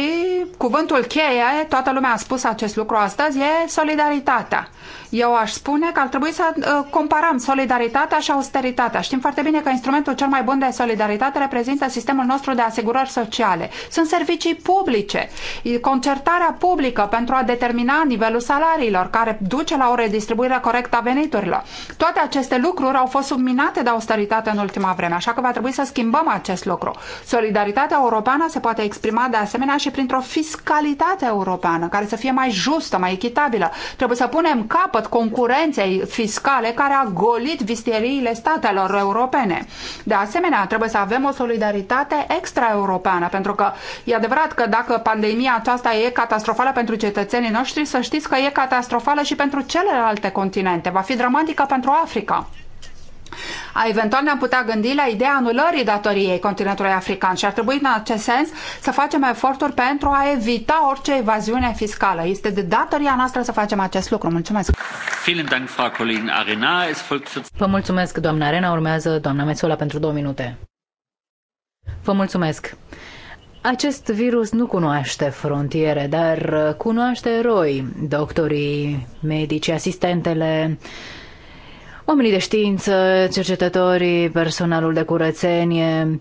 cuvântul cheie, toată lumea a spus acest lucru astăzi, e solidaritatea. Eu aș spune că ar trebui să uh, comparăm solidaritatea și austeritatea. Știm foarte bine că instrumentul cel mai bun de solidaritate reprezintă sistemul nostru de asigurări sociale. Sunt servicii publice, concertarea publică pentru a determina nivelul salariilor, care duce la o redistribuire corectă a veniturilor. Toate aceste lucruri au fost subminate de austeritate în ultima vreme, așa că va trebui să schimbăm acest lucru. Solidaritatea europeană se poate exprima de asemenea și printr-o fiscalitate europeană care să fie mai justă, mai echitabilă. Trebuie să punem capăt concurenței fiscale care a golit vistieriile statelor europene. De asemenea, trebuie să avem o solidaritate extraeuropeană, pentru că e adevărat că dacă pandemia aceasta e catastrofală pentru cetățenii noștri, să știți că e catastrofală și pentru celelalte continente. Va fi dramatică pentru Africa. Eventual ne-am putea gândi la ideea anulării datoriei continentului african și ar trebui în acest sens să facem eforturi pentru a evita orice evaziune fiscală. Este de datoria noastră să facem acest lucru. Mulțumesc! Vă mulțumesc, doamna Arena. Urmează doamna Mețola pentru două minute. Vă mulțumesc! Acest virus nu cunoaște frontiere, dar cunoaște eroi, doctorii, medici, asistentele, oamenii de știință, cercetătorii, personalul de curățenie,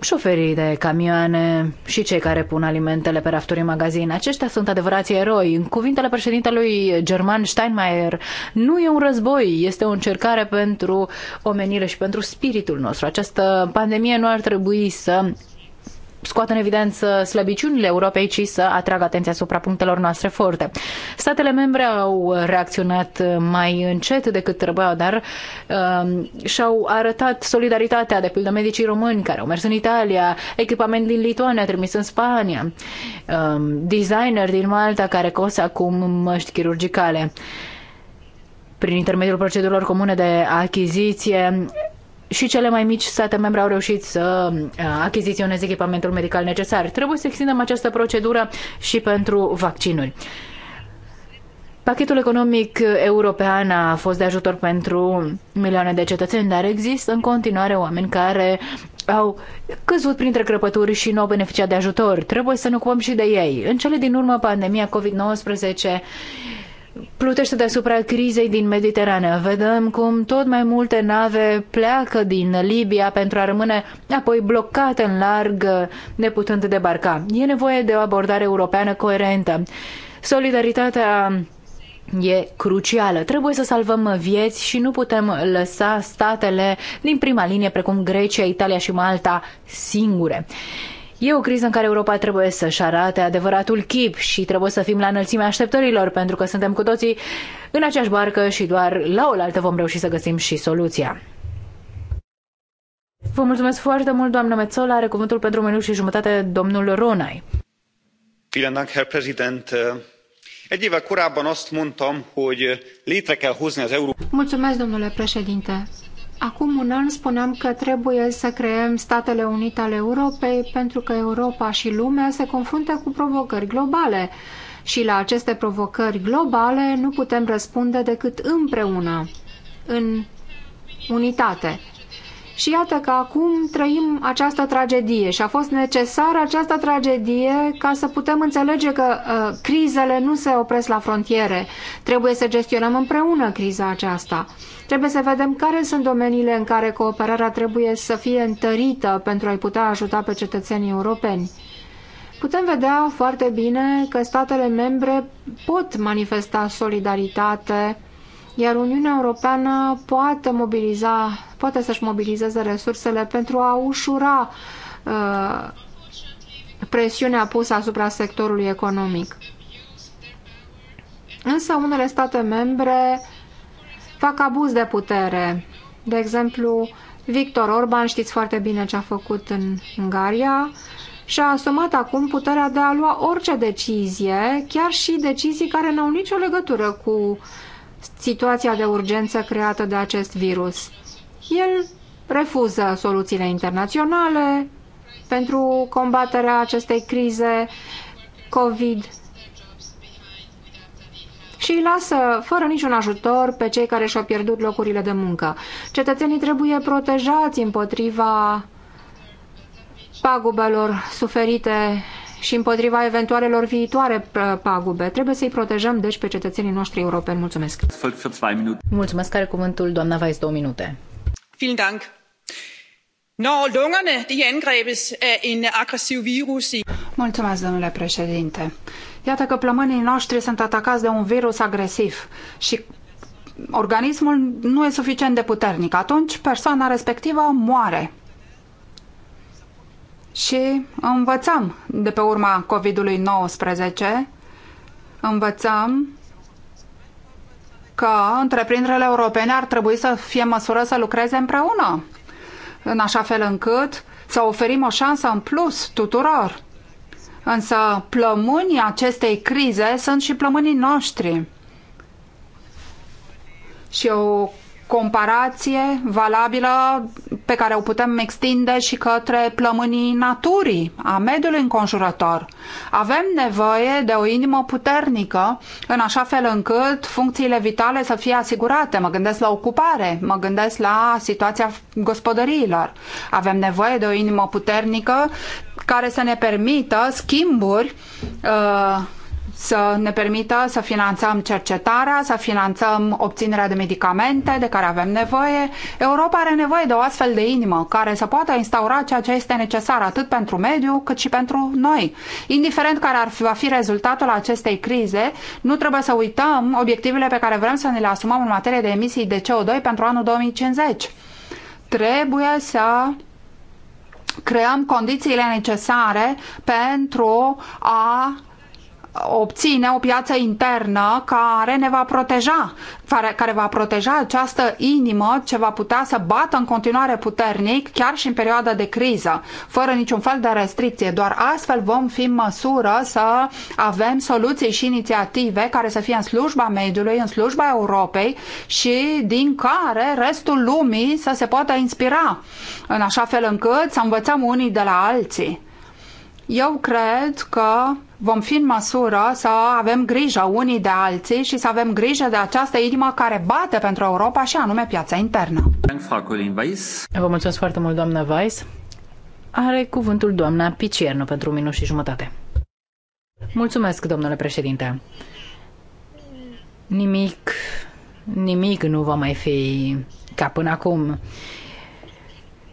șoferii de camioane și cei care pun alimentele pe rafturi în magazin. Aceștia sunt adevărați eroi. În cuvintele președintelui German Steinmeier, nu e un război, este o încercare pentru omenire și pentru spiritul nostru. Această pandemie nu ar trebui să scoată în evidență slăbiciunile Europei, ci să atragă atenția asupra punctelor noastre forte. Statele membre au reacționat mai încet decât trebuia, dar uh, și-au arătat solidaritatea, de pildă medicii români care au mers în Italia, echipament din Lituania trimis în Spania, uh, designer din Malta care costă acum măști chirurgicale prin intermediul procedurilor comune de achiziție, și cele mai mici state membre au reușit să uh, achiziționeze echipamentul medical necesar. Trebuie să extindem această procedură și pentru vaccinuri. Pachetul economic european a fost de ajutor pentru milioane de cetățeni, dar există în continuare oameni care au căzut printre crăpături și nu au beneficiat de ajutor. Trebuie să ne ocupăm și de ei. În cele din urmă, pandemia COVID-19 plutește deasupra crizei din Mediterană. Vedem cum tot mai multe nave pleacă din Libia pentru a rămâne apoi blocate în larg, neputând debarca. E nevoie de o abordare europeană coerentă. Solidaritatea e crucială. Trebuie să salvăm vieți și nu putem lăsa statele din prima linie, precum Grecia, Italia și Malta, singure. E o criză în care Europa trebuie să-și arate adevăratul chip și trebuie să fim la înălțimea așteptărilor, pentru că suntem cu toții în aceeași barcă și doar la oaltă vom reuși să găsim și soluția. Vă mulțumesc foarte mult, doamnă Metzola. Are cuvântul pentru un minut și jumătate domnul Ronai. Vielen Herr Präsident. Egy éve korábban azt mondtam, hogy létre kell hozni az Mulțumesc, domnule președinte. Acum un an spuneam că trebuie să creăm Statele Unite ale Europei pentru că Europa și lumea se confruntă cu provocări globale și la aceste provocări globale nu putem răspunde decât împreună, în unitate. Și iată că acum trăim această tragedie și a fost necesară această tragedie ca să putem înțelege că uh, crizele nu se opresc la frontiere. Trebuie să gestionăm împreună criza aceasta. Trebuie să vedem care sunt domeniile în care cooperarea trebuie să fie întărită pentru a-i putea ajuta pe cetățenii europeni. Putem vedea foarte bine că statele membre pot manifesta solidaritate iar Uniunea Europeană poate, mobiliza, poate să-și mobilizeze resursele pentru a ușura uh, presiunea pusă asupra sectorului economic. Însă unele state membre fac abuz de putere. De exemplu, Victor Orban, știți foarte bine ce a făcut în Ungaria, și-a asumat acum puterea de a lua orice decizie, chiar și decizii care n-au nicio legătură cu uh, situația de urgență creată de acest virus. El refuză soluțiile internaționale pentru combaterea acestei crize COVID și îi lasă fără niciun ajutor pe cei care și-au pierdut locurile de muncă. Cetățenii trebuie protejați împotriva pagubelor suferite și împotriva eventualelor viitoare pagube. Trebuie să-i protejăm, deci, pe cetățenii noștri europeni. Mulțumesc! Mulțumesc, care cuvântul, doamna Vais, două minute. Vielen Dank. Når lungerne de angrebes af er en aggressiv virus i... Mulțumesc, domnule președinte. Iată că plămânii noștri sunt atacați de un virus agresiv și organismul nu e suficient de puternic. Atunci persoana respectivă moare și învățăm de pe urma COVID-19, ului învățăm că întreprinderile europene ar trebui să fie măsură să lucreze împreună, în așa fel încât să oferim o șansă în plus tuturor. Însă plămânii acestei crize sunt și plămânii noștri. Și o comparație valabilă pe care o putem extinde și către plămânii naturii, a mediului înconjurător. Avem nevoie de o inimă puternică, în așa fel încât funcțiile vitale să fie asigurate. Mă gândesc la ocupare, mă gândesc la situația gospodăriilor. Avem nevoie de o inimă puternică care să ne permită schimburi uh, să ne permită să finanțăm cercetarea, să finanțăm obținerea de medicamente de care avem nevoie. Europa are nevoie de o astfel de inimă care să poată instaura ceea ce este necesar atât pentru mediu cât și pentru noi. Indiferent care ar fi, va fi rezultatul acestei crize, nu trebuie să uităm obiectivele pe care vrem să ne le asumăm în materie de emisii de CO2 pentru anul 2050. Trebuie să creăm condițiile necesare pentru a obține o piață internă care ne va proteja, care, va proteja această inimă ce va putea să bată în continuare puternic, chiar și în perioada de criză, fără niciun fel de restricție. Doar astfel vom fi în măsură să avem soluții și inițiative care să fie în slujba mediului, în slujba Europei și din care restul lumii să se poată inspira, în așa fel încât să învățăm unii de la alții. Eu cred că vom fi în măsură să avem grijă unii de alții și să avem grijă de această inimă care bate pentru Europa și anume piața internă. Vă mulțumesc foarte mult, doamna Weiss. Are cuvântul doamna Piciernu pentru un minut și jumătate. Mulțumesc, domnule președinte. Nimic, nimic nu va mai fi ca până acum.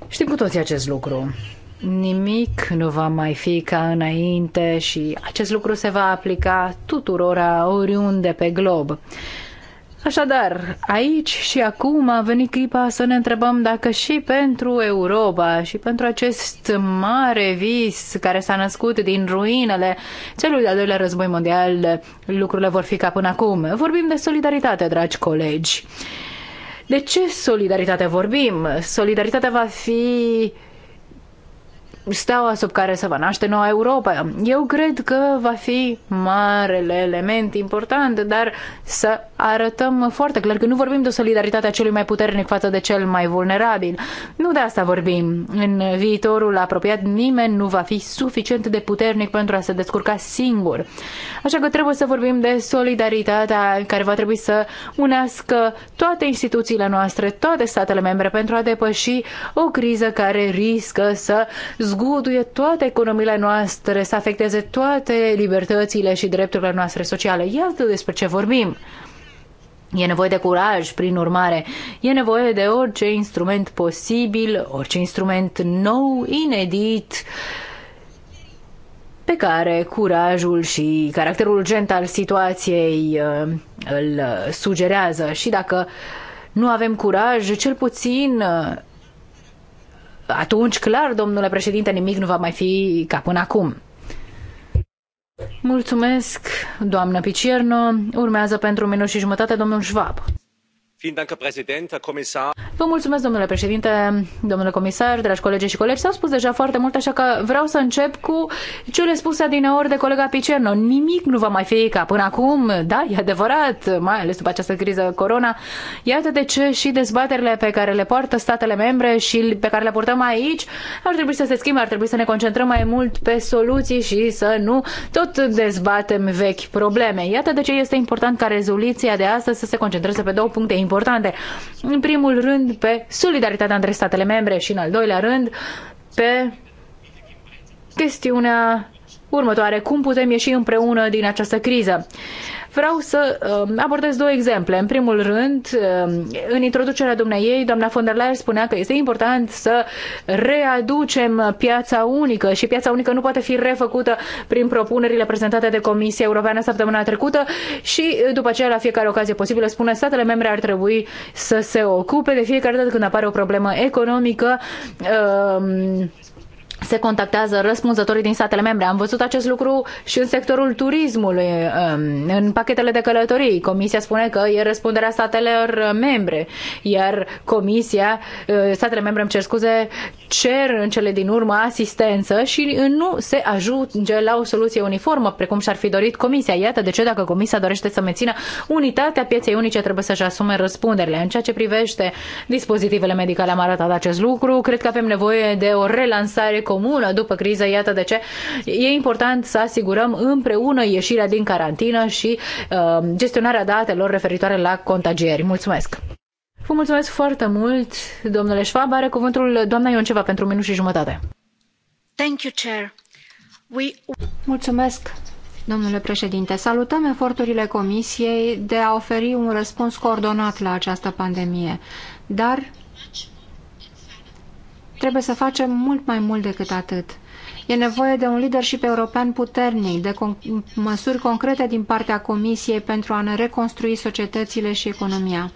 Știm cu toții acest lucru nimic nu va mai fi ca înainte și acest lucru se va aplica tuturora oriunde pe glob. Așadar, aici și acum a venit clipa să ne întrebăm dacă și pentru Europa și pentru acest mare vis care s-a născut din ruinele celui de-al doilea război mondial, lucrurile vor fi ca până acum. Vorbim de solidaritate, dragi colegi. De ce solidaritate vorbim? Solidaritatea va fi steaua sub care se va naște noua Europa. Eu cred că va fi marele element important, dar să arătăm foarte clar că nu vorbim de o solidaritate a celui mai puternic față de cel mai vulnerabil. Nu de asta vorbim. În viitorul apropiat nimeni nu va fi suficient de puternic pentru a se descurca singur. Așa că trebuie să vorbim de solidaritatea care va trebui să unească toate instituțiile noastre, toate statele membre pentru a depăși o criză care riscă să zguduie toate economiile noastre, să afecteze toate libertățile și drepturile noastre sociale. Iată despre ce vorbim. E nevoie de curaj, prin urmare. E nevoie de orice instrument posibil, orice instrument nou, inedit, pe care curajul și caracterul urgent al situației uh, îl sugerează. Și dacă nu avem curaj, cel puțin uh, atunci, clar, domnule președinte, nimic nu va mai fi ca până acum. Mulțumesc, doamnă Picierno. Urmează pentru minut și jumătate domnul Schwab. Vă mulțumesc, domnule președinte, domnule comisar, dragi colegi și colegi. S-au spus deja foarte mult, așa că vreau să încep cu cele spuse adineori de colega Picerno. Nimic nu va mai fi ca până acum, da, e adevărat, mai ales după această criză corona. Iată de ce și dezbaterile pe care le poartă statele membre și pe care le purtăm aici ar trebui să se schimbe, ar trebui să ne concentrăm mai mult pe soluții și să nu tot dezbatem vechi probleme. Iată de ce este important ca rezoluția de astăzi să se concentreze pe două puncte importante importante. În primul rând, pe solidaritatea între statele membre și, în al doilea rând, pe chestiunea următoare, cum putem ieși împreună din această criză. Vreau să um, abordez două exemple. În primul rând, um, în introducerea dumneiei, doamna von der Leyen spunea că este important să readucem piața unică și piața unică nu poate fi refăcută prin propunerile prezentate de Comisia Europeană săptămâna trecută și uh, după aceea la fiecare ocazie posibilă spune statele membre ar trebui să se ocupe de fiecare dată când apare o problemă economică um, se contactează răspunzătorii din statele membre. Am văzut acest lucru și în sectorul turismului, um, în pachetele de călătorii. Comisia spune că e răspunderea statelor membre, iar Comisia, uh, statele membre, îmi cer scuze, cer în cele din urmă asistență și nu se ajunge la o soluție uniformă, precum și-ar fi dorit Comisia. Iată de ce, dacă Comisia dorește să mențină unitatea pieței unice, trebuie să-și asume răspunderile. În ceea ce privește dispozitivele medicale, am arătat acest lucru. Cred că avem nevoie de o relansare comună după criză, iată de ce e important să asigurăm împreună ieșirea din carantină și uh, gestionarea datelor referitoare la contagieri. Mulțumesc! Vă mulțumesc foarte mult, domnule Schwab. Are cuvântul doamna Ionceva pentru minut și jumătate. Thank you, Chair. We... Mulțumesc, Domnule președinte, salutăm eforturile Comisiei de a oferi un răspuns coordonat la această pandemie, dar Trebuie să facem mult mai mult decât atât. E nevoie de un leadership european puternic, de con măsuri concrete din partea Comisiei pentru a ne reconstrui societățile și economia.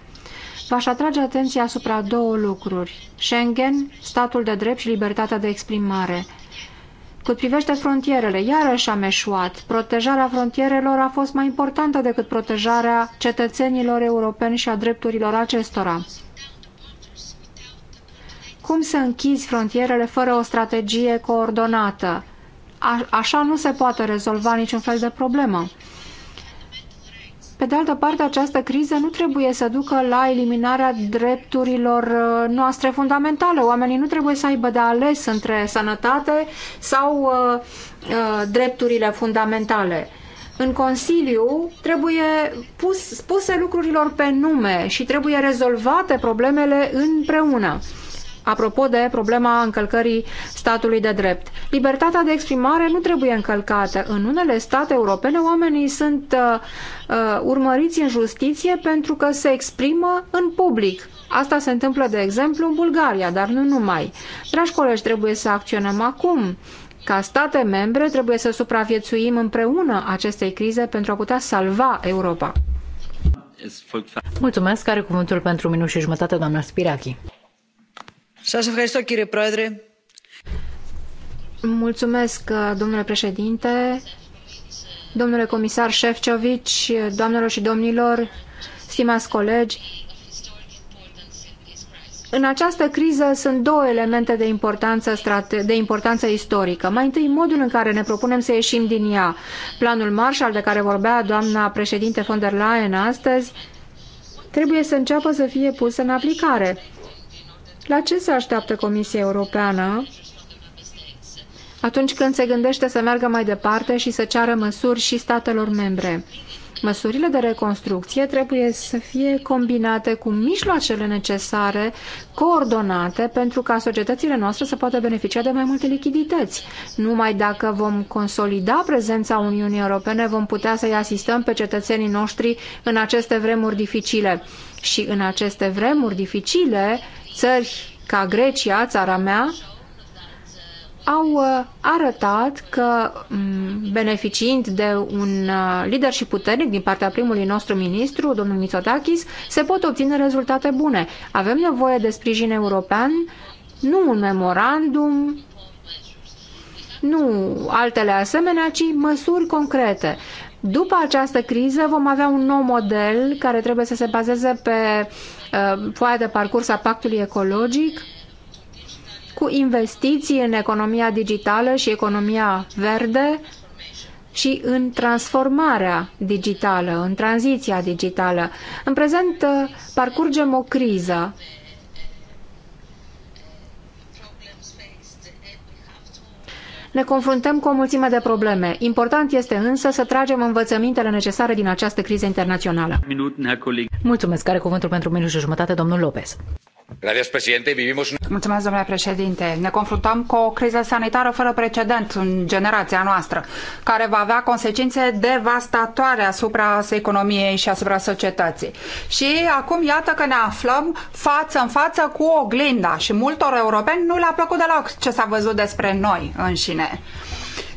V-aș atrage atenția asupra două lucruri. Schengen, statul de drept și libertatea de exprimare. Cât privește frontierele, iarăși am eșuat. Protejarea frontierelor a fost mai importantă decât protejarea cetățenilor europeni și a drepturilor acestora. Cum să închizi frontierele fără o strategie coordonată? A, așa nu se poate rezolva niciun fel de problemă. Pe de altă parte, această criză nu trebuie să ducă la eliminarea drepturilor uh, noastre fundamentale. Oamenii nu trebuie să aibă de ales între sănătate sau uh, uh, drepturile fundamentale. În Consiliu trebuie pus, puse lucrurilor pe nume și trebuie rezolvate problemele împreună apropo de problema încălcării statului de drept. Libertatea de exprimare nu trebuie încălcată. În unele state europene, oamenii sunt uh, uh, urmăriți în justiție pentru că se exprimă în public. Asta se întâmplă, de exemplu, în Bulgaria, dar nu numai. Dragi colegi, trebuie să acționăm acum. Ca state membre, trebuie să supraviețuim împreună acestei crize pentru a putea salva Europa. Mulțumesc, are cuvântul pentru minut și jumătate, doamna Spirachi. Mulțumesc, uh, domnule președinte, domnule comisar efovi doamnelor și domnilor, stimați colegi. În această criză sunt două elemente de importanță, de importanță istorică. Mai întâi, modul în care ne propunem să ieșim din ea. Planul Marshall, de care vorbea doamna președinte von der Leyen astăzi, trebuie să înceapă să fie pus în aplicare. La ce se așteaptă Comisia Europeană atunci când se gândește să meargă mai departe și să ceară măsuri și statelor membre? Măsurile de reconstrucție trebuie să fie combinate cu mijloacele necesare, coordonate, pentru ca societățile noastre să poată beneficia de mai multe lichidități. Numai dacă vom consolida prezența Uniunii Europene, vom putea să-i asistăm pe cetățenii noștri în aceste vremuri dificile. Și în aceste vremuri dificile, țări ca Grecia, țara mea, au uh, arătat că, mm, beneficiind de un uh, lider și puternic din partea primului nostru ministru, domnul Mitsotakis, se pot obține rezultate bune. Avem nevoie de sprijin european, nu un memorandum nu altele asemenea, ci măsuri concrete. După această criză vom avea un nou model care trebuie să se bazeze pe uh, foaia de parcurs a pactului ecologic cu investiții în economia digitală și economia verde și în transformarea digitală, în tranziția digitală. În prezent uh, parcurgem o criză ne confruntăm cu o mulțime de probleme. Important este însă să tragem învățămintele necesare din această criză internațională. Mulțumesc. care cuvântul pentru minut și jumătate, domnul Lopez. Mulțumesc, domnule președinte. Ne confruntăm cu o criză sanitară fără precedent în generația noastră, care va avea consecințe devastatoare asupra economiei și asupra societății. Și acum iată că ne aflăm față în față cu oglinda și multor europeni nu le-a plăcut deloc ce s-a văzut despre noi înșine.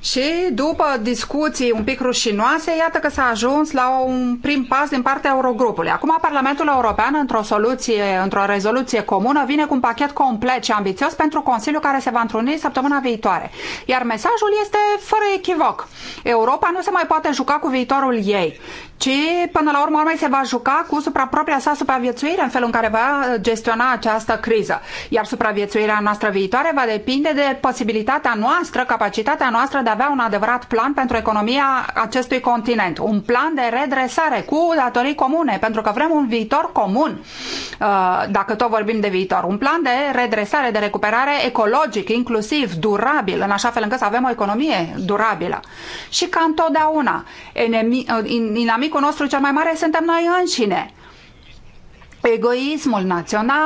Și după discuții un pic rușinoase, iată că s-a ajuns la un prim pas din partea Eurogrupului. Acum Parlamentul European, într-o soluție, într-o rezoluție comună, vine cu un pachet complet și ambițios pentru Consiliul care se va întruni săptămâna viitoare. Iar mesajul este fără echivoc. Europa nu se mai poate juca cu viitorul ei ci până la urmă se va juca cu suprapropria sa supraviețuire în felul în care va uh, gestiona această criză. Iar supraviețuirea noastră viitoare va depinde de posibilitatea noastră, capacitatea noastră de a avea un adevărat plan pentru economia acestui continent. Un plan de redresare cu datorii comune, pentru că vrem un viitor comun, uh, dacă tot vorbim de viitor. Un plan de redresare, de recuperare ecologic, inclusiv durabil, în așa fel încât să avem o economie durabilă. Și ca întotdeauna, uh, inamicul Pericol nostru cel mai mare suntem noi înșine. Egoismul național